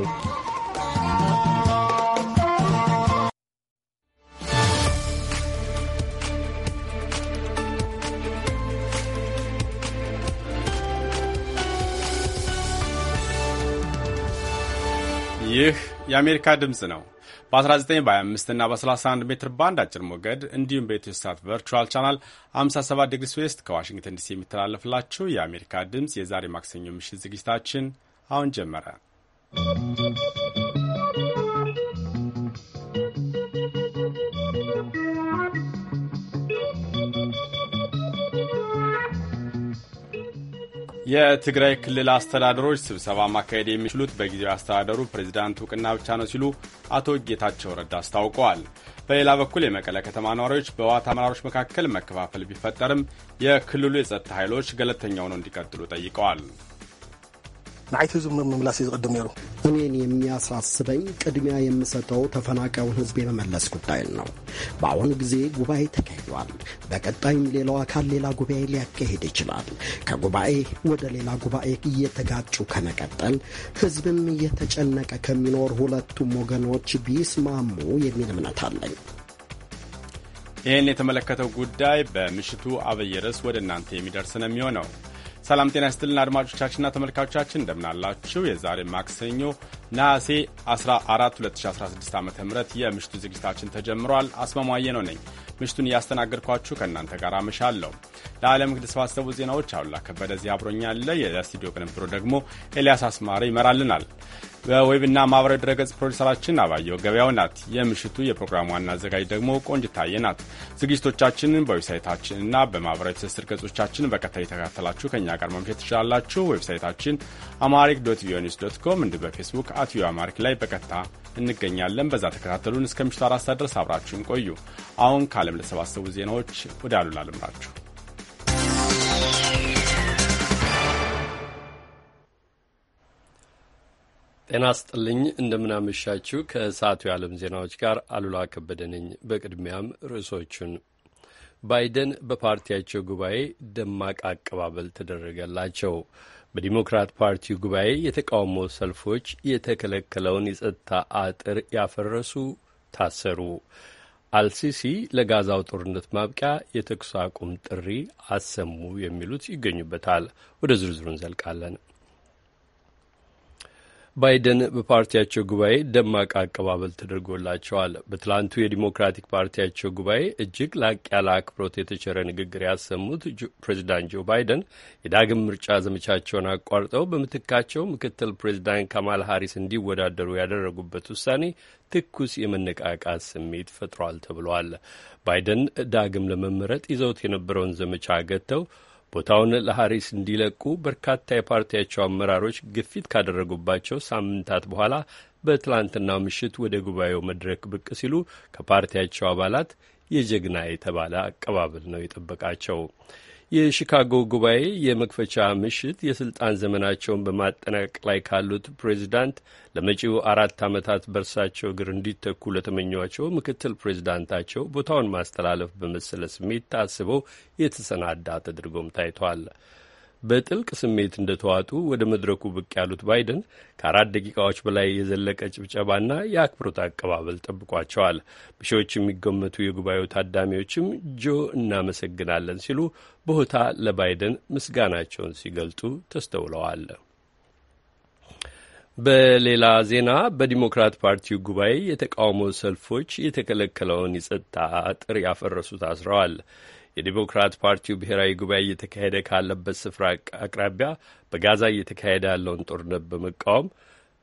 ዛሬ ይህ የአሜሪካ ድምፅ ነው። በ19 በ25 እና በ31 ሜትር ባንድ አጭር ሞገድ እንዲሁም በኢትዮ ሳት ቨርቹዋል ቻናል 57 ዲግሪ ስዌስት ከዋሽንግተን ዲሲ የሚተላለፍላችሁ የአሜሪካ ድምፅ የዛሬ ማክሰኞ ምሽት ዝግጅታችን አሁን ጀመረ። የትግራይ ክልል አስተዳደሮች ስብሰባ ማካሄድ የሚችሉት በጊዜያዊ አስተዳደሩ ፕሬዚዳንት እውቅና ብቻ ነው ሲሉ አቶ ጌታቸው ረዳ አስታውቀዋል። በሌላ በኩል የመቀለ ከተማ ነዋሪዎች በህወሓት አመራሮች መካከል መከፋፈል ቢፈጠርም የክልሉ የጸጥታ ኃይሎች ገለልተኛ ሆነው እንዲቀጥሉ ጠይቀዋል። ንዓይቲ ህዝብ ምምላስ እዩ ዝቅድም ነይሩ እኔን የሚያሳስበኝ ቅድሚያ የምሰጠው ተፈናቃዩን ህዝብ የመመለስ ጉዳይን ነው። በአሁኑ ጊዜ ጉባኤ ተካሂዷል። በቀጣይም ሌላው አካል ሌላ ጉባኤ ሊያካሄድ ይችላል። ከጉባኤ ወደ ሌላ ጉባኤ እየተጋጩ ከመቀጠል ህዝብም እየተጨነቀ ከሚኖር ሁለቱም ወገኖች ቢስማሙ የሚል እምነት አለኝ። ይህን የተመለከተው ጉዳይ በምሽቱ አብይ ርዕስ ወደ እናንተ የሚደርስ ነው የሚሆነው ሰላም ጤና ይስጥልን አድማጮቻችንና ተመልካቾቻችን እንደምናላችሁ። የዛሬ ማክሰኞ ነሐሴ 14 2016 ዓ ም የምሽቱ ዝግጅታችን ተጀምሯል። አስማማየ ነው ነኝ ምሽቱን እያስተናገድኳችሁ ከእናንተ ጋር አመሻለሁ። ለዓለም የተሰባሰቡ ዜናዎች አሉላ ከበደ እዚህ አብሮኛለ። የስቱዲዮ ቅንብሮ ደግሞ ኤልያስ አስማረ ይመራልናል። በዌብና ማህበራዊ ድረገጽ ፕሮዲሰራችን አባየው ገበያው ናት። የምሽቱ የፕሮግራሙ ዋና አዘጋጅ ደግሞ ቆንጅታየ ናት። ዝግጅቶቻችንን በዌብሳይታችንና በማህበራዊ ትስስር ገጾቻችን በቀጥታ የተካተላችሁ ከእኛ ጋር መምሸት ትችላላችሁ። ዌብሳይታችን አማሪክ ዶት ቪኦኤ ኒውስ ዶት ኮም እንዲህ በፌስቡክ አት ቪኦኤ አማሪክ ላይ በቀጥታ እንገኛለን። በዛ ተከታተሉን። እስከ ምሽቱ አራት ሰዓት ድረስ አብራችሁን ቆዩ። አሁን ከዓለም ለሰባሰቡ ዜናዎች ወደ አሉላ ልምራችሁ። ጤና ስጥልኝ እንደምናመሻችሁ። ከሰዓቱ የዓለም ዜናዎች ጋር አሉላ ከበደ ነኝ። በቅድሚያም ርዕሶቹን ባይደን በፓርቲያቸው ጉባኤ ደማቅ አቀባበል ተደረገላቸው። በዲሞክራት ፓርቲው ጉባኤ የተቃውሞ ሰልፎች የተከለከለውን የጸጥታ አጥር ያፈረሱ ታሰሩ። አልሲሲ ለጋዛው ጦርነት ማብቂያ የተኩስ አቁም ጥሪ አሰሙ የሚሉት ይገኙበታል። ወደ ዝርዝሩ እንዘልቃለን። ባይደን በፓርቲያቸው ጉባኤ ደማቅ አቀባበል ተደርጎላቸዋል። በትላንቱ የዲሞክራቲክ ፓርቲያቸው ጉባኤ እጅግ ላቅ ያለ አክብሮት የተቸረ ንግግር ያሰሙት ፕሬዚዳንት ጆ ባይደን የዳግም ምርጫ ዘመቻቸውን አቋርጠው በምትካቸው ምክትል ፕሬዚዳንት ካማል ሀሪስ እንዲወዳደሩ ያደረጉበት ውሳኔ ትኩስ የመነቃቃት ስሜት ፈጥሯል ተብሏል። ባይደን ዳግም ለመመረጥ ይዘውት የነበረውን ዘመቻ ገጥተው ቦታውን ለሐሪስ እንዲለቁ በርካታ የፓርቲያቸው አመራሮች ግፊት ካደረጉባቸው ሳምንታት በኋላ በትላንትናው ምሽት ወደ ጉባኤው መድረክ ብቅ ሲሉ ከፓርቲያቸው አባላት የጀግና የተባለ አቀባበል ነው የጠበቃቸው። የሺካጎ ጉባኤ የመክፈቻ ምሽት የስልጣን ዘመናቸውን በማጠናቀቅ ላይ ካሉት ፕሬዚዳንት ለመጪው አራት ዓመታት በእርሳቸው እግር እንዲተኩ ለተመኟቸው ምክትል ፕሬዚዳንታቸው ቦታውን ማስተላለፍ በመሰለ ስሜት ታስበው የተሰናዳ ተደርጎም ታይቷል። በጥልቅ ስሜት እንደተዋጡ ወደ መድረኩ ብቅ ያሉት ባይደን ከአራት ደቂቃዎች በላይ የዘለቀ ጭብጨባና የአክብሮት አቀባበል ጠብቋቸዋል። በሺዎች የሚገመቱ የጉባኤው ታዳሚዎችም ጆ እናመሰግናለን ሲሉ በሆታ ለባይደን ምስጋናቸውን ሲገልጡ ተስተውለዋል። በሌላ ዜና በዲሞክራት ፓርቲው ጉባኤ የተቃውሞ ሰልፎች የተከለከለውን የጸጥታ አጥር ያፈረሱ ታስረዋል። የዲሞክራት ፓርቲው ብሔራዊ ጉባኤ እየተካሄደ ካለበት ስፍራ አቅራቢያ በጋዛ እየተካሄደ ያለውን ጦርነት በመቃወም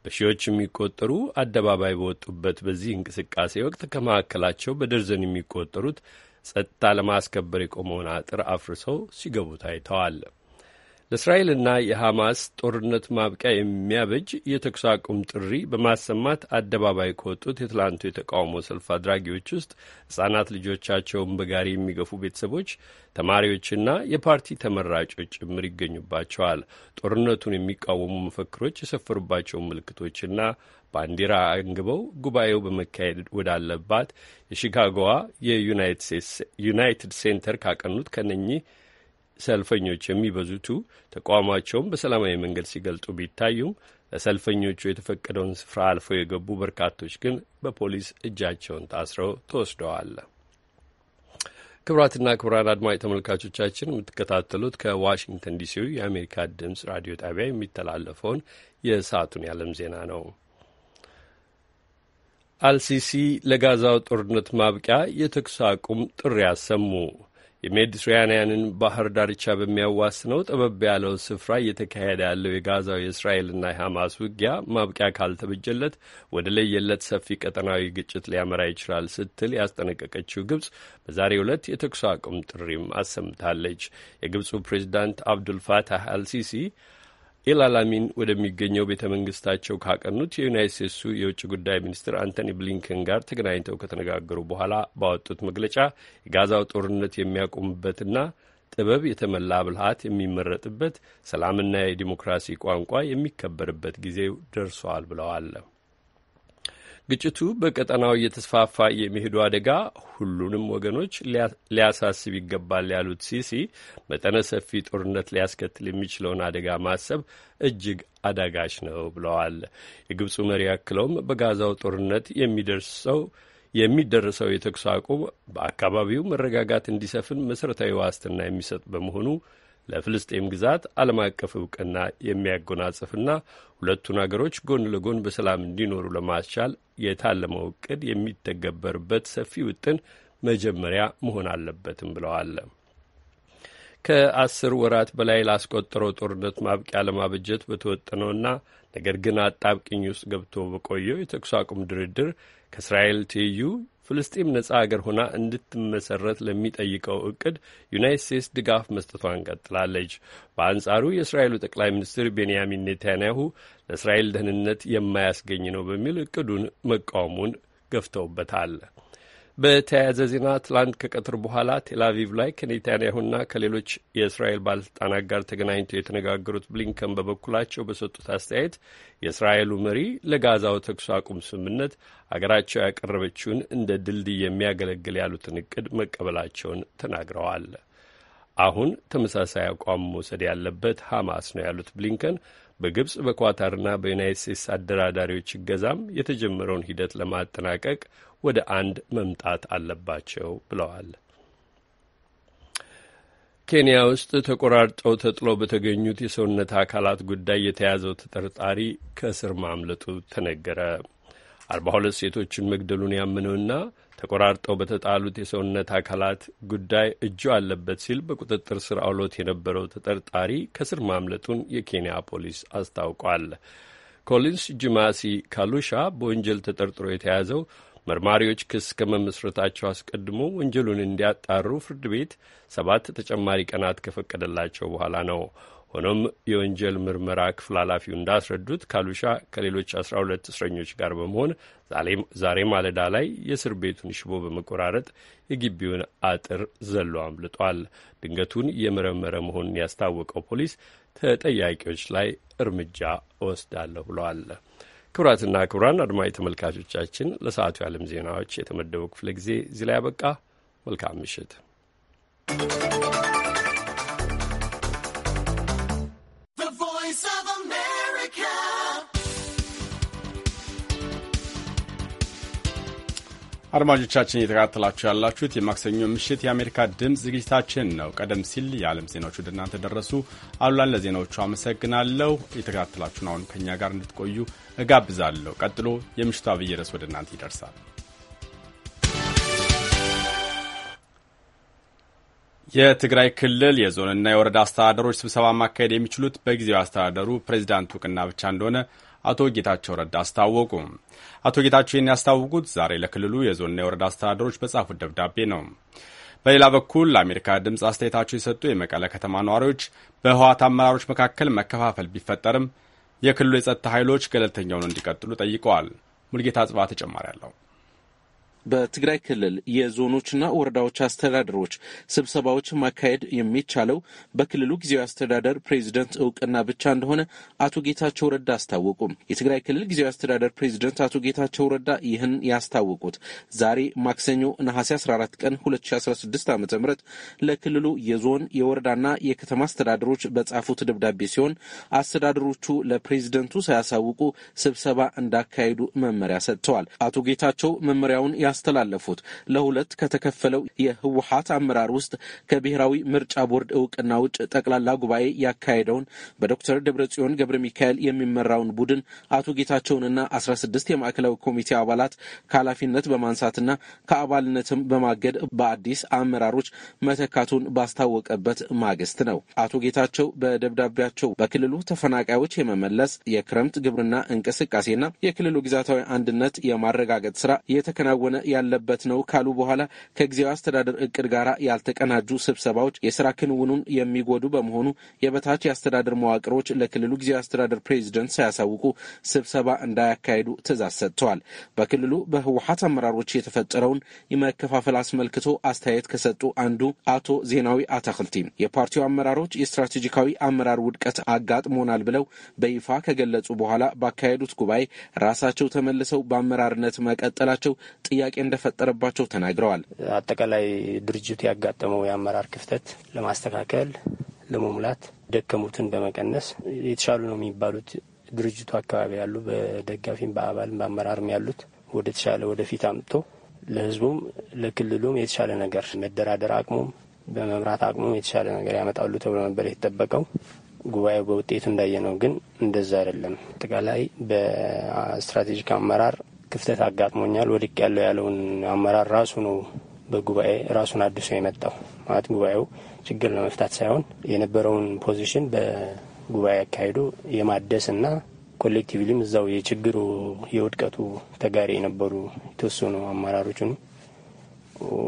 በሺዎች የሚቆጠሩ አደባባይ በወጡበት በዚህ እንቅስቃሴ ወቅት ከመካከላቸው በደርዘን የሚቆጠሩት ጸጥታ ለማስከበር የቆመውን አጥር አፍርሰው ሲገቡ ታይተዋል። ለእስራኤልና የሐማስ ጦርነት ማብቂያ የሚያበጅ የተኩስ አቁም ጥሪ በማሰማት አደባባይ ከወጡት የትላንቱ የተቃውሞ ሰልፍ አድራጊዎች ውስጥ ሕጻናት ልጆቻቸውን በጋሪ የሚገፉ ቤተሰቦች፣ ተማሪዎችና የፓርቲ ተመራጮች ጭምር ይገኙባቸዋል። ጦርነቱን የሚቃወሙ መፈክሮች የሰፈሩባቸውን ምልክቶችና ባንዲራ አንግበው ጉባኤው በመካሄድ ወዳለባት የሺካጎዋ የዩናይትድ ሴንተር ካቀኑት ከነኚህ ሰልፈኞች የሚበዙቱ ተቋማቸውን በሰላማዊ መንገድ ሲገልጡ ቢታዩም ለሰልፈኞቹ የተፈቀደውን ስፍራ አልፈው የገቡ በርካቶች ግን በፖሊስ እጃቸውን ታስረው ተወስደዋል። ክቡራትና ክቡራን አድማጭ ተመልካቾቻችን የምትከታተሉት ከዋሽንግተን ዲሲው የአሜሪካ ድምጽ ራዲዮ ጣቢያ የሚተላለፈውን የሰዓቱን የዓለም ዜና ነው። አልሲሲ ለጋዛው ጦርነት ማብቂያ የተኩስ አቁም ጥሪ አሰሙ። የሜዲትራንያንን ባህር ዳርቻ በሚያዋስነው ጠበብ ያለው ስፍራ እየተካሄደ ያለው የጋዛው የእስራኤልና የሐማስ ውጊያ ማብቂያ ካልተበጀለት ወደ ለየለት ሰፊ ቀጠናዊ ግጭት ሊያመራ ይችላል ስትል ያስጠነቀቀችው ግብጽ በዛሬው ዕለት የተኩስ አቁም ጥሪም አሰምታለች። የግብፁ ፕሬዚዳንት አብዱል አልሲሲ ኤልአላሚን ወደሚገኘው ቤተ መንግስታቸው ካቀኑት የዩናይት ስቴትሱ የውጭ ጉዳይ ሚኒስትር አንቶኒ ብሊንከን ጋር ተገናኝተው ከተነጋገሩ በኋላ ባወጡት መግለጫ የጋዛው ጦርነት የሚያቆምበትና ጥበብ የተመላ ብልሃት የሚመረጥበት ሰላምና የዲሞክራሲ ቋንቋ የሚከበርበት ጊዜው ደርሷል ብለዋል። ግጭቱ በቀጠናው እየተስፋፋ የሚሄዱ አደጋ ሁሉንም ወገኖች ሊያሳስብ ይገባል ያሉት ሲሲ መጠነ ሰፊ ጦርነት ሊያስከትል የሚችለውን አደጋ ማሰብ እጅግ አዳጋች ነው ብለዋል። የግብፁ መሪ አክለውም በጋዛው ጦርነት የሚደርሰው የሚደረሰው የተኩስ አቁም በአካባቢው መረጋጋት እንዲሰፍን መሠረታዊ ዋስትና የሚሰጥ በመሆኑ ለፍልስጤም ግዛት ዓለም አቀፍ እውቅና የሚያጎናጽፍና ሁለቱን አገሮች ጎን ለጎን በሰላም እንዲኖሩ ለማስቻል የታለመው እቅድ የሚተገበርበት ሰፊ ውጥን መጀመሪያ መሆን አለበትም ብለዋል። ከአስር ወራት በላይ ላስቆጠረው ጦርነት ማብቂያ ለማበጀት በተወጠነውና ነገር ግን አጣብቅኝ ውስጥ ገብቶ በቆየው የተኩስ አቁም ድርድር ከእስራኤል ትይዩ ፍልስጤም ነጻ አገር ሆና እንድትመሰረት ለሚጠይቀው እቅድ ዩናይት ስቴትስ ድጋፍ መስጠቷን ቀጥላለች። በአንጻሩ የእስራኤሉ ጠቅላይ ሚኒስትር ቤንያሚን ኔታንያሁ ለእስራኤል ደህንነት የማያስገኝ ነው በሚል እቅዱን መቃወሙን ገፍተውበታል። በተያያዘ ዜና ትላንት ከቀትር በኋላ ቴላቪቭ ላይ ከኔታንያሁና ከሌሎች የእስራኤል ባለስልጣናት ጋር ተገናኝተው የተነጋገሩት ብሊንከን በበኩላቸው በሰጡት አስተያየት የእስራኤሉ መሪ ለጋዛው ተኩስ አቁም ስምምነት አገራቸው ያቀረበችውን እንደ ድልድይ የሚያገለግል ያሉትን እቅድ መቀበላቸውን ተናግረዋል። አሁን ተመሳሳይ አቋም መውሰድ ያለበት ሐማስ ነው ያሉት ብሊንከን በግብፅ በኳታርና በዩናይት ስቴትስ አደራዳሪዎች እገዛም የተጀመረውን ሂደት ለማጠናቀቅ ወደ አንድ መምጣት አለባቸው ብለዋል። ኬንያ ውስጥ ተቆራርጠው ተጥለው በተገኙት የሰውነት አካላት ጉዳይ የተያዘው ተጠርጣሪ ከእስር ማምለጡ ተነገረ። አርባ ሁለት ሴቶችን መግደሉን ያምነውና ተቆራርጠው በተጣሉት የሰውነት አካላት ጉዳይ እጁ አለበት ሲል በቁጥጥር ስር አውሎት የነበረው ተጠርጣሪ ከስር ማምለጡን የኬንያ ፖሊስ አስታውቋል። ኮሊንስ ጅማሲ ካሉሻ በወንጀል ተጠርጥሮ የተያዘው መርማሪዎች ክስ ከመመስረታቸው አስቀድሞ ወንጀሉን እንዲያጣሩ ፍርድ ቤት ሰባት ተጨማሪ ቀናት ከፈቀደላቸው በኋላ ነው። ሆኖም የወንጀል ምርመራ ክፍል ኃላፊው እንዳስረዱት ካሉሻ ከሌሎች 12 እስረኞች ጋር በመሆን ዛሬ ማለዳ ላይ የእስር ቤቱን ሽቦ በመቆራረጥ የግቢውን አጥር ዘሎ አምልጧል። ድንገቱን የመረመረ መሆኑን ያስታወቀው ፖሊስ ተጠያቂዎች ላይ እርምጃ እወስዳለሁ ብለዋል። ክቡራትና ክቡራን አድማጭ ተመልካቾቻችን ለሰዓቱ የዓለም ዜናዎች የተመደበው ክፍለ ጊዜ እዚህ ላይ ያበቃ። መልካም ምሽት። አድማጮቻችን እየተከታተላችሁ ያላችሁት የማክሰኞ ምሽት የአሜሪካ ድምፅ ዝግጅታችን ነው። ቀደም ሲል የዓለም ዜናዎች ወደ እናንተ ደረሱ። አሉላን ለዜናዎቹ አመሰግናለሁ። የተከታተላችሁን አሁን ከእኛ ጋር እንድትቆዩ እጋብዛለሁ። ቀጥሎ የምሽቱ አብይ ርዕስ ወደ እናንተ ይደርሳል። የትግራይ ክልል የዞንና የወረዳ አስተዳደሮች ስብሰባ ማካሄድ የሚችሉት በጊዜያዊ አስተዳደሩ ፕሬዚዳንት እውቅና ብቻ እንደሆነ አቶ ጌታቸው ረዳ አስታወቁ። አቶ ጌታቸው ይህን ያስታወቁት ዛሬ ለክልሉ የዞንና የወረዳ አስተዳደሮች በጻፉት ደብዳቤ ነው። በሌላ በኩል ለአሜሪካ ድምፅ አስተያየታቸው የሰጡ የመቀለ ከተማ ነዋሪዎች በህወሓት አመራሮች መካከል መከፋፈል ቢፈጠርም የክልሉ የጸጥታ ኃይሎች ገለልተኛውን እንዲቀጥሉ ጠይቀዋል። ሙልጌታ ጽባ ተጨማሪ አለው። በትግራይ ክልል የዞኖችና ወረዳዎች አስተዳደሮች ስብሰባዎች ማካሄድ የሚቻለው በክልሉ ጊዜያዊ አስተዳደር ፕሬዚደንት እውቅና ብቻ እንደሆነ አቶ ጌታቸው ረዳ አስታወቁም። የትግራይ ክልል ጊዜያዊ አስተዳደር ፕሬዚደንት አቶ ጌታቸው ረዳ ይህን ያስታወቁት ዛሬ ማክሰኞ ነሐሴ 14 ቀን 2016 ዓ ም ለክልሉ የዞን የወረዳና የከተማ አስተዳደሮች በጻፉት ደብዳቤ ሲሆን አስተዳደሮቹ ለፕሬዚደንቱ ሳያሳውቁ ስብሰባ እንዳካሄዱ መመሪያ ሰጥተዋል። አቶ ጌታቸው መመሪያውን ያስተላለፉት ለሁለት ከተከፈለው የህወሀት አመራር ውስጥ ከብሔራዊ ምርጫ ቦርድ እውቅና ውጭ ጠቅላላ ጉባኤ ያካሄደውን በዶክተር ደብረጽዮን ገብረ ሚካኤል የሚመራውን ቡድን አቶ ጌታቸውንና አስራ ስድስት የማዕከላዊ ኮሚቴ አባላት ከኃላፊነት በማንሳትና ከአባልነትም በማገድ በአዲስ አመራሮች መተካቱን ባስታወቀበት ማግስት ነው። አቶ ጌታቸው በደብዳቤያቸው በክልሉ ተፈናቃዮች የመመለስ የክረምት ግብርና እንቅስቃሴና የክልሉ ግዛታዊ አንድነት የማረጋገጥ ስራ የተከናወነ ያለበት ነው ካሉ በኋላ ከጊዜያዊ አስተዳደር እቅድ ጋር ያልተቀናጁ ስብሰባዎች የስራ ክንውኑን የሚጎዱ በመሆኑ የበታች የአስተዳደር መዋቅሮች ለክልሉ ጊዜያዊ አስተዳደር ፕሬዚደንት ሳያሳውቁ ስብሰባ እንዳያካሄዱ ትእዛዝ ሰጥተዋል። በክልሉ በህወሀት አመራሮች የተፈጠረውን የመከፋፈል አስመልክቶ አስተያየት ከሰጡ አንዱ አቶ ዜናዊ አታክልቲ የፓርቲው አመራሮች የስትራቴጂካዊ አመራር ውድቀት አጋጥሞናል ብለው በይፋ ከገለጹ በኋላ ባካሄዱት ጉባኤ ራሳቸው ተመልሰው በአመራርነት መቀጠላቸው ጥያቄ ጥያቄ እንደፈጠረባቸው ተናግረዋል። አጠቃላይ ድርጅቱ ያጋጠመው የአመራር ክፍተት ለማስተካከል ለመሙላት ደከሙትን በመቀነስ የተሻሉ ነው የሚባሉት ድርጅቱ አካባቢ ያሉ በደጋፊም በአባልም በአመራርም ያሉት ወደ ተሻለ ወደፊት አምጥቶ ለህዝቡም ለክልሉም የተሻለ ነገር መደራደር አቅሙም በመምራት አቅሙም የተሻለ ነገር ያመጣሉ ተብሎ ነበር የተጠበቀው። ጉባኤው በውጤቱ እንዳየ ነው ግን እንደዛ አይደለም። አጠቃላይ በስትራቴጂክ አመራር ክፍተት አጋጥሞኛል ወድቅ ያለው ያለውን አመራር ራሱ ነው በጉባኤ ራሱን አድሶ የመጣው ማለት ጉባኤው ችግር ለመፍታት ሳይሆን የነበረውን ፖዚሽን በጉባኤ አካሄዱ የማደስና ኮሌክቲቭሊም እዛው የችግሩ የውድቀቱ ተጋሪ የነበሩ የተወሰኑ አመራሮችን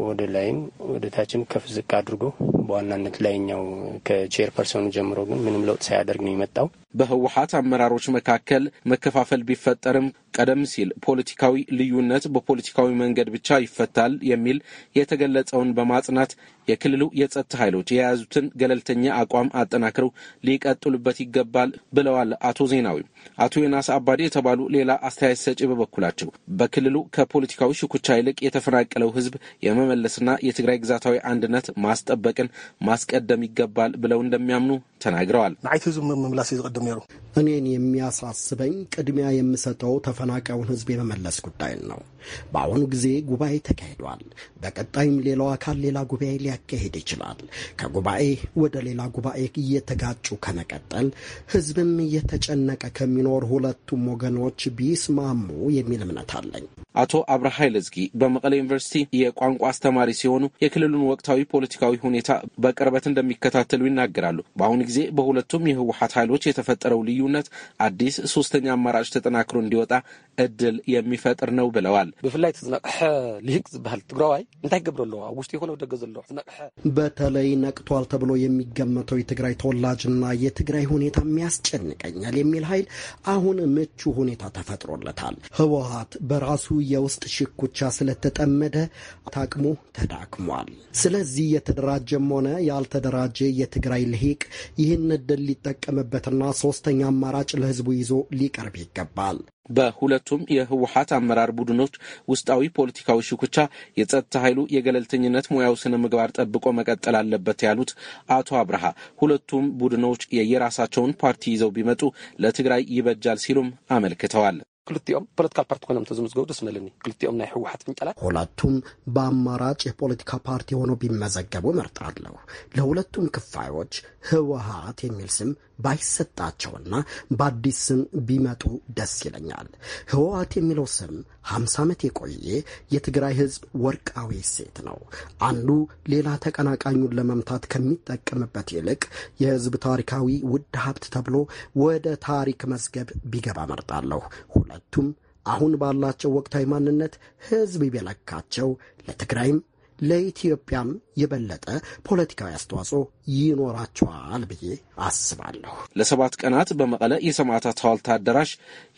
ወደ ላይም ወደ ታችም ከፍ ዝቅ አድርጎ በዋናነት ላይኛው ከቼር ፐርሰኑ ጀምሮ ግን ምንም ለውጥ ሳያደርግ ነው የመጣው። በህወሀት አመራሮች መካከል መከፋፈል ቢፈጠርም ቀደም ሲል ፖለቲካዊ ልዩነት በፖለቲካዊ መንገድ ብቻ ይፈታል የሚል የተገለጸውን በማጽናት የክልሉ የጸጥታ ኃይሎች የያዙትን ገለልተኛ አቋም አጠናክረው ሊቀጥሉበት ይገባል ብለዋል አቶ ዜናዊ። አቶ ዮናስ አባዴ የተባሉ ሌላ አስተያየት ሰጪ በበኩላቸው በክልሉ ከፖለቲካዊ ሽኩቻ ይልቅ የተፈናቀለው ህዝብ የመመለስና የትግራይ ግዛታዊ አንድነት ማስጠበቅን ማስቀደም ይገባል ብለው እንደሚያምኑ ተናግረዋል። እኔን የሚያሳስበኝ ቅድሚያ የምሰጠው ተፈናቃዩን ህዝብ የመመለስ ጉዳይን ነው። በአሁኑ ጊዜ ጉባኤ ተካሂዷል። በቀጣይም ሌላው አካል ሌላ ጉባኤ ሊያካሄድ ይችላል። ከጉባኤ ወደ ሌላ ጉባኤ እየተጋጩ ከመቀጠል ህዝብም እየተጨነቀ ከሚኖር ሁለቱም ወገኖች ቢስማሙ የሚል እምነት አለኝ። አቶ አብረ ኃይለ በመቀለ በመቀሌ ዩኒቨርሲቲ የቋንቋ አስተማሪ ሲሆኑ የክልሉን ወቅታዊ ፖለቲካዊ ሁኔታ በቅርበት እንደሚከታተሉ ይናገራሉ። በአሁኑ ጊዜ በሁለቱም የህወሀት ኃይሎች የተፈጠረው ልዩነት አዲስ ሶስተኛ አማራጭ ተጠናክሮ እንዲወጣ እድል የሚፈጥር ነው ብለዋል። ይብል ብፍላይ ዝነቅሐ ልሂቅ ዝበሃል ትግራዋይ እንታይ ገብረ ኣለዎ ኣብ ውሽጢ ይኮነ ደገ ዘለዎ ዝነቅሐ በተለይ ነቅቷል ተብሎ የሚገመተው የትግራይ ተወላጅና የትግራይ ሁኔታ የሚያስጨንቀኛል የሚል ኃይል አሁን ምቹ ሁኔታ ተፈጥሮለታል። ህወሀት በራሱ የውስጥ ሽኩቻ ስለተጠመደ ታቅሙ ተዳክሟል። ስለዚህ የተደራጀም ሆነ ያልተደራጀ የትግራይ ልሂቅ ይህን ዕድል ሊጠቀምበትና ሶስተኛ አማራጭ ለህዝቡ ይዞ ሊቀርብ ይገባል። በሁለቱም የህወሀት አመራር ቡድኖች ውስጣዊ ፖለቲካዊ ሽኩቻ የጸጥታ ኃይሉ የገለልተኝነት ሙያው ስነ ምግባር ጠብቆ መቀጠል አለበት ያሉት አቶ አብርሃ ሁለቱም ቡድኖች የየራሳቸውን ፓርቲ ይዘው ቢመጡ ለትግራይ ይበጃል ሲሉም አመልክተዋል። ክልቲኦም ፖለቲካ ፓርቲ ኮይኖም ተዝምዝገቡ ደስ መለኒ ክልቲኦም ናይ ህወሓት ፍንጨላ ሁለቱም በአማራጭ የፖለቲካ ፓርቲ ሆኖ ቢመዘገቡ መርጣለሁ። ለሁለቱም ክፋዮች ህወሓት የሚል ስም ባይሰጣቸውና በአዲስ ስም ቢመጡ ደስ ይለኛል። ህወሓት የሚለው ስም ሀምሳ ዓመት የቆየ የትግራይ ህዝብ ወርቃዊ ሴት ነው። አንዱ ሌላ ተቀናቃኙን ለመምታት ከሚጠቀምበት ይልቅ የህዝብ ታሪካዊ ውድ ሀብት ተብሎ ወደ ታሪክ መዝገብ ቢገባ መርጣለሁ። ሁለቱም አሁን ባላቸው ወቅታዊ ማንነት ህዝብ ቢለካቸው ለትግራይም ለኢትዮጵያም የበለጠ ፖለቲካዊ አስተዋጽኦ ይኖራቸዋል ብዬ አስባለሁ። ለሰባት ቀናት በመቀለ የሰማዕታት ሐውልት አዳራሽ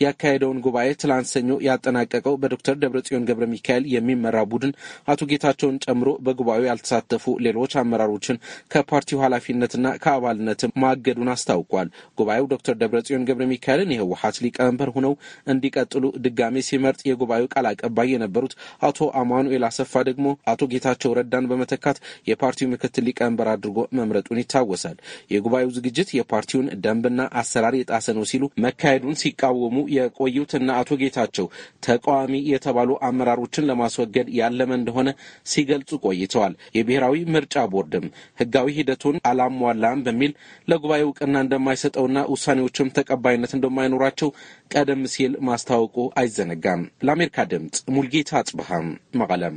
ያካሄደውን ጉባኤ ትላንት ሰኞ ያጠናቀቀው በዶክተር ደብረጽዮን ገብረ ሚካኤል የሚመራ ቡድን አቶ ጌታቸውን ጨምሮ በጉባኤው ያልተሳተፉ ሌሎች አመራሮችን ከፓርቲው ኃላፊነትና ከአባልነት ማገዱን አስታውቋል። ጉባኤው ዶክተር ደብረጽዮን ገብረ ሚካኤልን የህወሀት ሊቀመንበር ሆነው እንዲቀጥሉ ድጋሜ ሲመርጥ የጉባኤው ቃል አቀባይ የነበሩት አቶ አማኑኤል አሰፋ ደግሞ አቶ ጌታቸው ረዳን በመተካት የፓርቲው ምክትል ሊቀመንበር አድርጎ መምረጥ መመረጡን ይታወሳል። የጉባኤው ዝግጅት የፓርቲውን ደንብና አሰራር የጣሰ ነው ሲሉ መካሄዱን ሲቃወሙ የቆዩትና አቶ ጌታቸው ተቃዋሚ የተባሉ አመራሮችን ለማስወገድ ያለመ እንደሆነ ሲገልጹ ቆይተዋል። የብሔራዊ ምርጫ ቦርድም ህጋዊ ሂደቱን አላሟላም በሚል ለጉባኤ እውቅና እንደማይሰጠውና ውሳኔዎችም ተቀባይነት እንደማይኖራቸው ቀደም ሲል ማስታወቁ አይዘነጋም። ለአሜሪካ ድምፅ ሙልጌታ አጽብሃም መቀለም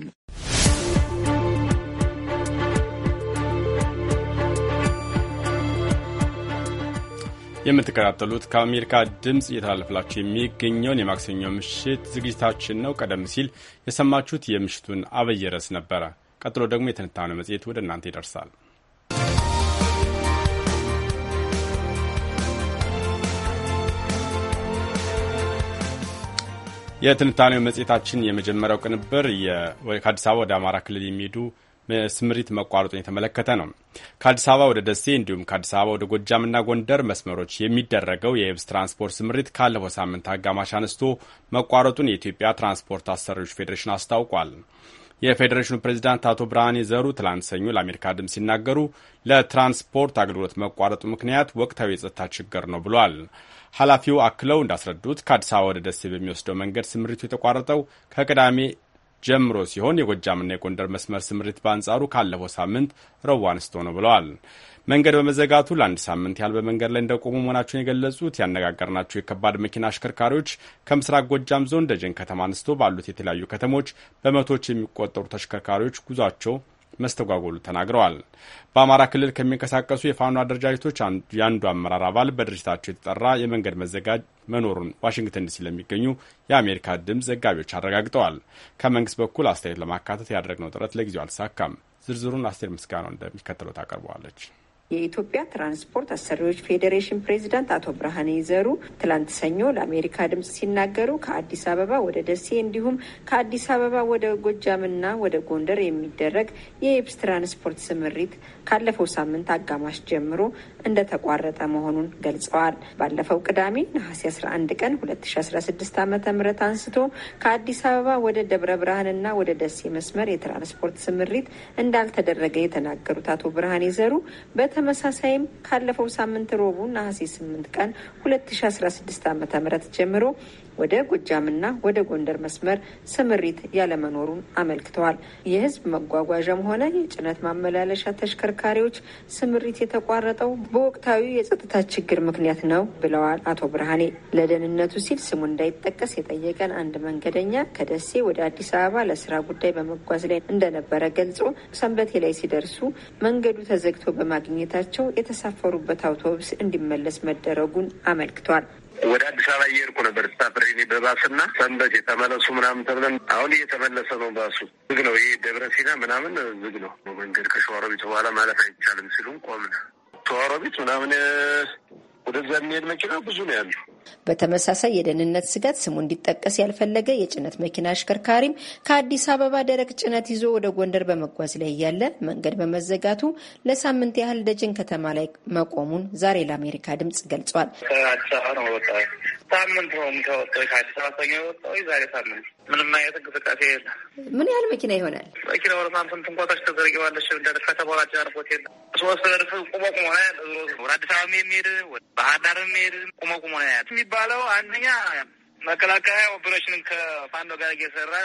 የምትከታተሉት ከአሜሪካ ድምፅ እየተላለፍላችሁ የሚገኘውን የማክሰኞ ምሽት ዝግጅታችን ነው። ቀደም ሲል የሰማችሁት የምሽቱን አብይ ርዕስ ነበረ። ቀጥሎ ደግሞ የትንታኔው መጽሔት ወደ እናንተ ይደርሳል። የትንታኔው መጽሔታችን የመጀመሪያው ቅንብር ከአዲስ አበባ ወደ አማራ ክልል የሚሄዱ ስምሪት መቋረጡን የተመለከተ ነው። ከአዲስ አበባ ወደ ደሴ እንዲሁም ከአዲስ አበባ ወደ ጎጃምና ጎንደር መስመሮች የሚደረገው የየብስ ትራንስፖርት ስምሪት ካለፈው ሳምንት አጋማሽ አነስቶ መቋረጡን የኢትዮጵያ ትራንስፖርት አሰሪዎች ፌዴሬሽን አስታውቋል። የፌዴሬሽኑ ፕሬዚዳንት አቶ ብርሃኔ ዘሩ ትላንት ሰኞ ለአሜሪካ ድምፅ ሲናገሩ ለትራንስፖርት አገልግሎት መቋረጡ ምክንያት ወቅታዊ የጸጥታ ችግር ነው ብሏል። ኃላፊው አክለው እንዳስረዱት ከአዲስ አበባ ወደ ደሴ በሚወስደው መንገድ ስምሪቱ የተቋረጠው ከቅዳሜ ጀምሮ ሲሆን የጎጃምና የጎንደር መስመር ስምሪት በአንጻሩ ካለፈው ሳምንት ረቡዕ አንስቶ ነው ብለዋል። መንገድ በመዘጋቱ ለአንድ ሳምንት ያህል በመንገድ ላይ እንደቆሙ መሆናቸውን የገለጹት ያነጋገርናቸው የከባድ መኪና አሽከርካሪዎች ከምስራቅ ጎጃም ዞን ደጀን ከተማ አንስቶ ባሉት የተለያዩ ከተሞች በመቶዎች የሚቆጠሩ ተሽከርካሪዎች ጉዟቸው መስተጓጎሉ ተናግረዋል። በአማራ ክልል ከሚንቀሳቀሱ የፋኖ አደረጃጀቶች የአንዱ አመራር አባል በድርጅታቸው የተጠራ የመንገድ መዘጋጅ መኖሩን ዋሽንግተን ዲሲ ለሚገኙ የአሜሪካ ድምፅ ዘጋቢዎች አረጋግጠዋል። ከመንግስት በኩል አስተያየት ለማካተት ያደረግነው ጥረት ለጊዜው አልተሳካም። ዝርዝሩን አስቴር ምስጋናው እንደሚከተለው ታቀርበዋለች። የኢትዮጵያ ትራንስፖርት አሰሪዎች ፌዴሬሽን ፕሬዚዳንት አቶ ብርሃኔ ይዘሩ ትላንት ሰኞ ለአሜሪካ ድምጽ ሲናገሩ ከአዲስ አበባ ወደ ደሴ እንዲሁም ከአዲስ አበባ ወደ ጎጃምና ወደ ጎንደር የሚደረግ የኤፕስ ትራንስፖርት ስምሪት ካለፈው ሳምንት አጋማሽ ጀምሮ እንደተቋረጠ መሆኑን ገልጸዋል። ባለፈው ቅዳሜ ነሐሴ 11 ቀን 2016 ዓ ም አንስቶ ከአዲስ አበባ ወደ ደብረ ብርሃንና ወደ ደሴ መስመር የትራንስፖርት ስምሪት እንዳልተደረገ የተናገሩት አቶ ብርሃኔ ይዘሩ በተመሳሳይም ካለፈው ሳምንት ሮቡ ነሐሴ 8 ቀን 2016 ዓ ም ጀምሮ ወደ ጎጃምና ወደ ጎንደር መስመር ስምሪት ያለመኖሩን አመልክተዋል። የህዝብ መጓጓዣም ሆነ የጭነት ማመላለሻ ተሽከርካሪዎች ስምሪት የተቋረጠው በወቅታዊ የጸጥታ ችግር ምክንያት ነው ብለዋል አቶ ብርሃኔ። ለደህንነቱ ሲል ስሙ እንዳይጠቀስ የጠየቀን አንድ መንገደኛ ከደሴ ወደ አዲስ አበባ ለስራ ጉዳይ በመጓዝ ላይ እንደነበረ ገልጾ ሰንበቴ ላይ ሲደርሱ መንገዱ ተዘግቶ በማግኘታቸው የተሳፈሩበት አውቶቡስ እንዲመለስ መደረጉን አመልክቷል። ወደ አዲስ አበባ እየሄድኩ ነበር ስታፍሬኔ በባስና ሰንበት የተመለሱ ምናምን ተብለን አሁን እየተመለሰ ነው። ባሱ ዝግ ነው። ይሄ ደብረ ሲና ምናምን ዝግ ነው መንገድ ከሸዋሮቢት በኋላ ማለት አይቻልም ሲሉም ቆምን። ሸዋሮቢት ምናምን ወደዛ የሚሄድ መኪና ብዙ ነው ያለው በተመሳሳይ የደህንነት ስጋት ስሙ እንዲጠቀስ ያልፈለገ የጭነት መኪና አሽከርካሪም ከአዲስ አበባ ደረቅ ጭነት ይዞ ወደ ጎንደር በመጓዝ ላይ እያለ መንገድ በመዘጋቱ ለሳምንት ያህል ደጀን ከተማ ላይ መቆሙን ዛሬ ለአሜሪካ ድምጽ ገልጿል። ከአዲስ አበባ ነው ሳምንት ነው ከወጣሁ ከአዲስ አበባ ሰኞ ወጣሁ። ዛሬ ሳምንት ምንም አይነት እንቅስቃሴ የለም። ምን ያህል መኪና ይሆናል? መኪና ወደ ሳምንት እንኳታች ተዘርጊዋለች። እንደ ከተማዋ ጃርቦት የለ ሶስት ረድፍ ቁመ ቁመ ነው ያለ። ወደ አዲስ አበባ የሚሄድ ባህር ዳር የሚሄድ ቁመ ቁመ ነው ያለ የሚባለው። አንደኛ መከላከያ ኦፕሬሽን ከፋኖ ጋር እየሰራ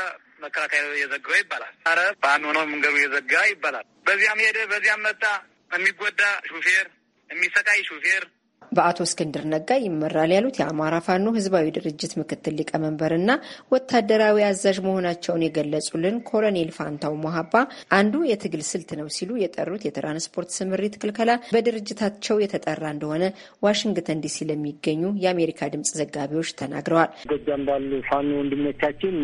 መከላከያ የዘጋው ይባላል። አረ ፋኖ ነው መንገዱ የዘጋ ይባላል። በዚያም ሄደ በዚያም መጣ የሚጎዳ ሹፌር የሚሰቃይ ሹፌር በአቶ እስክንድር ነጋ ይመራል ያሉት የአማራ ፋኖ ህዝባዊ ድርጅት ምክትል ሊቀመንበርና ወታደራዊ አዛዥ መሆናቸውን የገለጹልን ኮሎኔል ፋንታው ሞሀባ አንዱ የትግል ስልት ነው ሲሉ የጠሩት የትራንስፖርት ስምሪት ክልከላ በድርጅታቸው የተጠራ እንደሆነ ዋሽንግተን ዲሲ ለሚገኙ የአሜሪካ ድምጽ ዘጋቢዎች ተናግረዋል። ጎጃም ባሉ ፋኖ ወንድሞቻችን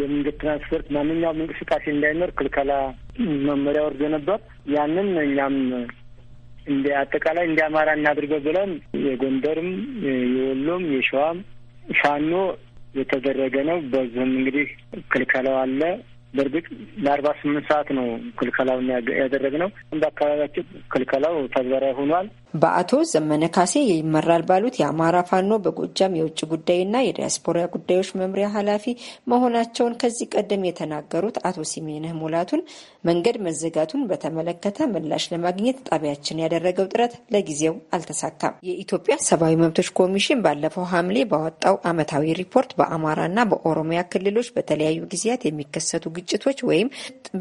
የመንገድ ትራንስፖርት ማንኛውም እንቅስቃሴ እንዳይኖር ክልከላ መመሪያ ወርዶ ነበር። ያንን እኛም እንደ አጠቃላይ እንደ አማራ እናድርገው ብለን የጎንደርም የወሎም የሸዋም ፋኖ የተደረገ ነው። በዚህም እንግዲህ ክልከላው አለ። በእርግጥ ለአርባ ስምንት ሰዓት ነው ክልከላውን ነው። እንደ አካባቢያችን ክልከላው ተግባራዊ ሆኗል። በአቶ ዘመነ ካሴ ይመራል ባሉት የአማራ ፋኖ በጎጃም የውጭ ጉዳይና የዲያስፖራ ጉዳዮች መምሪያ ኃላፊ መሆናቸውን ከዚህ ቀደም የተናገሩት አቶ ሲሜነህ ሙላቱን መንገድ መዘጋቱን በተመለከተ ምላሽ ለማግኘት ጣቢያችን ያደረገው ጥረት ለጊዜው አልተሳካም። የኢትዮጵያ ሰብአዊ መብቶች ኮሚሽን ባለፈው ሐምሌ ባወጣው ዓመታዊ ሪፖርት በአማራና በኦሮሚያ ክልሎች በተለያዩ ጊዜያት የሚከሰቱ ግጭቶች ወይም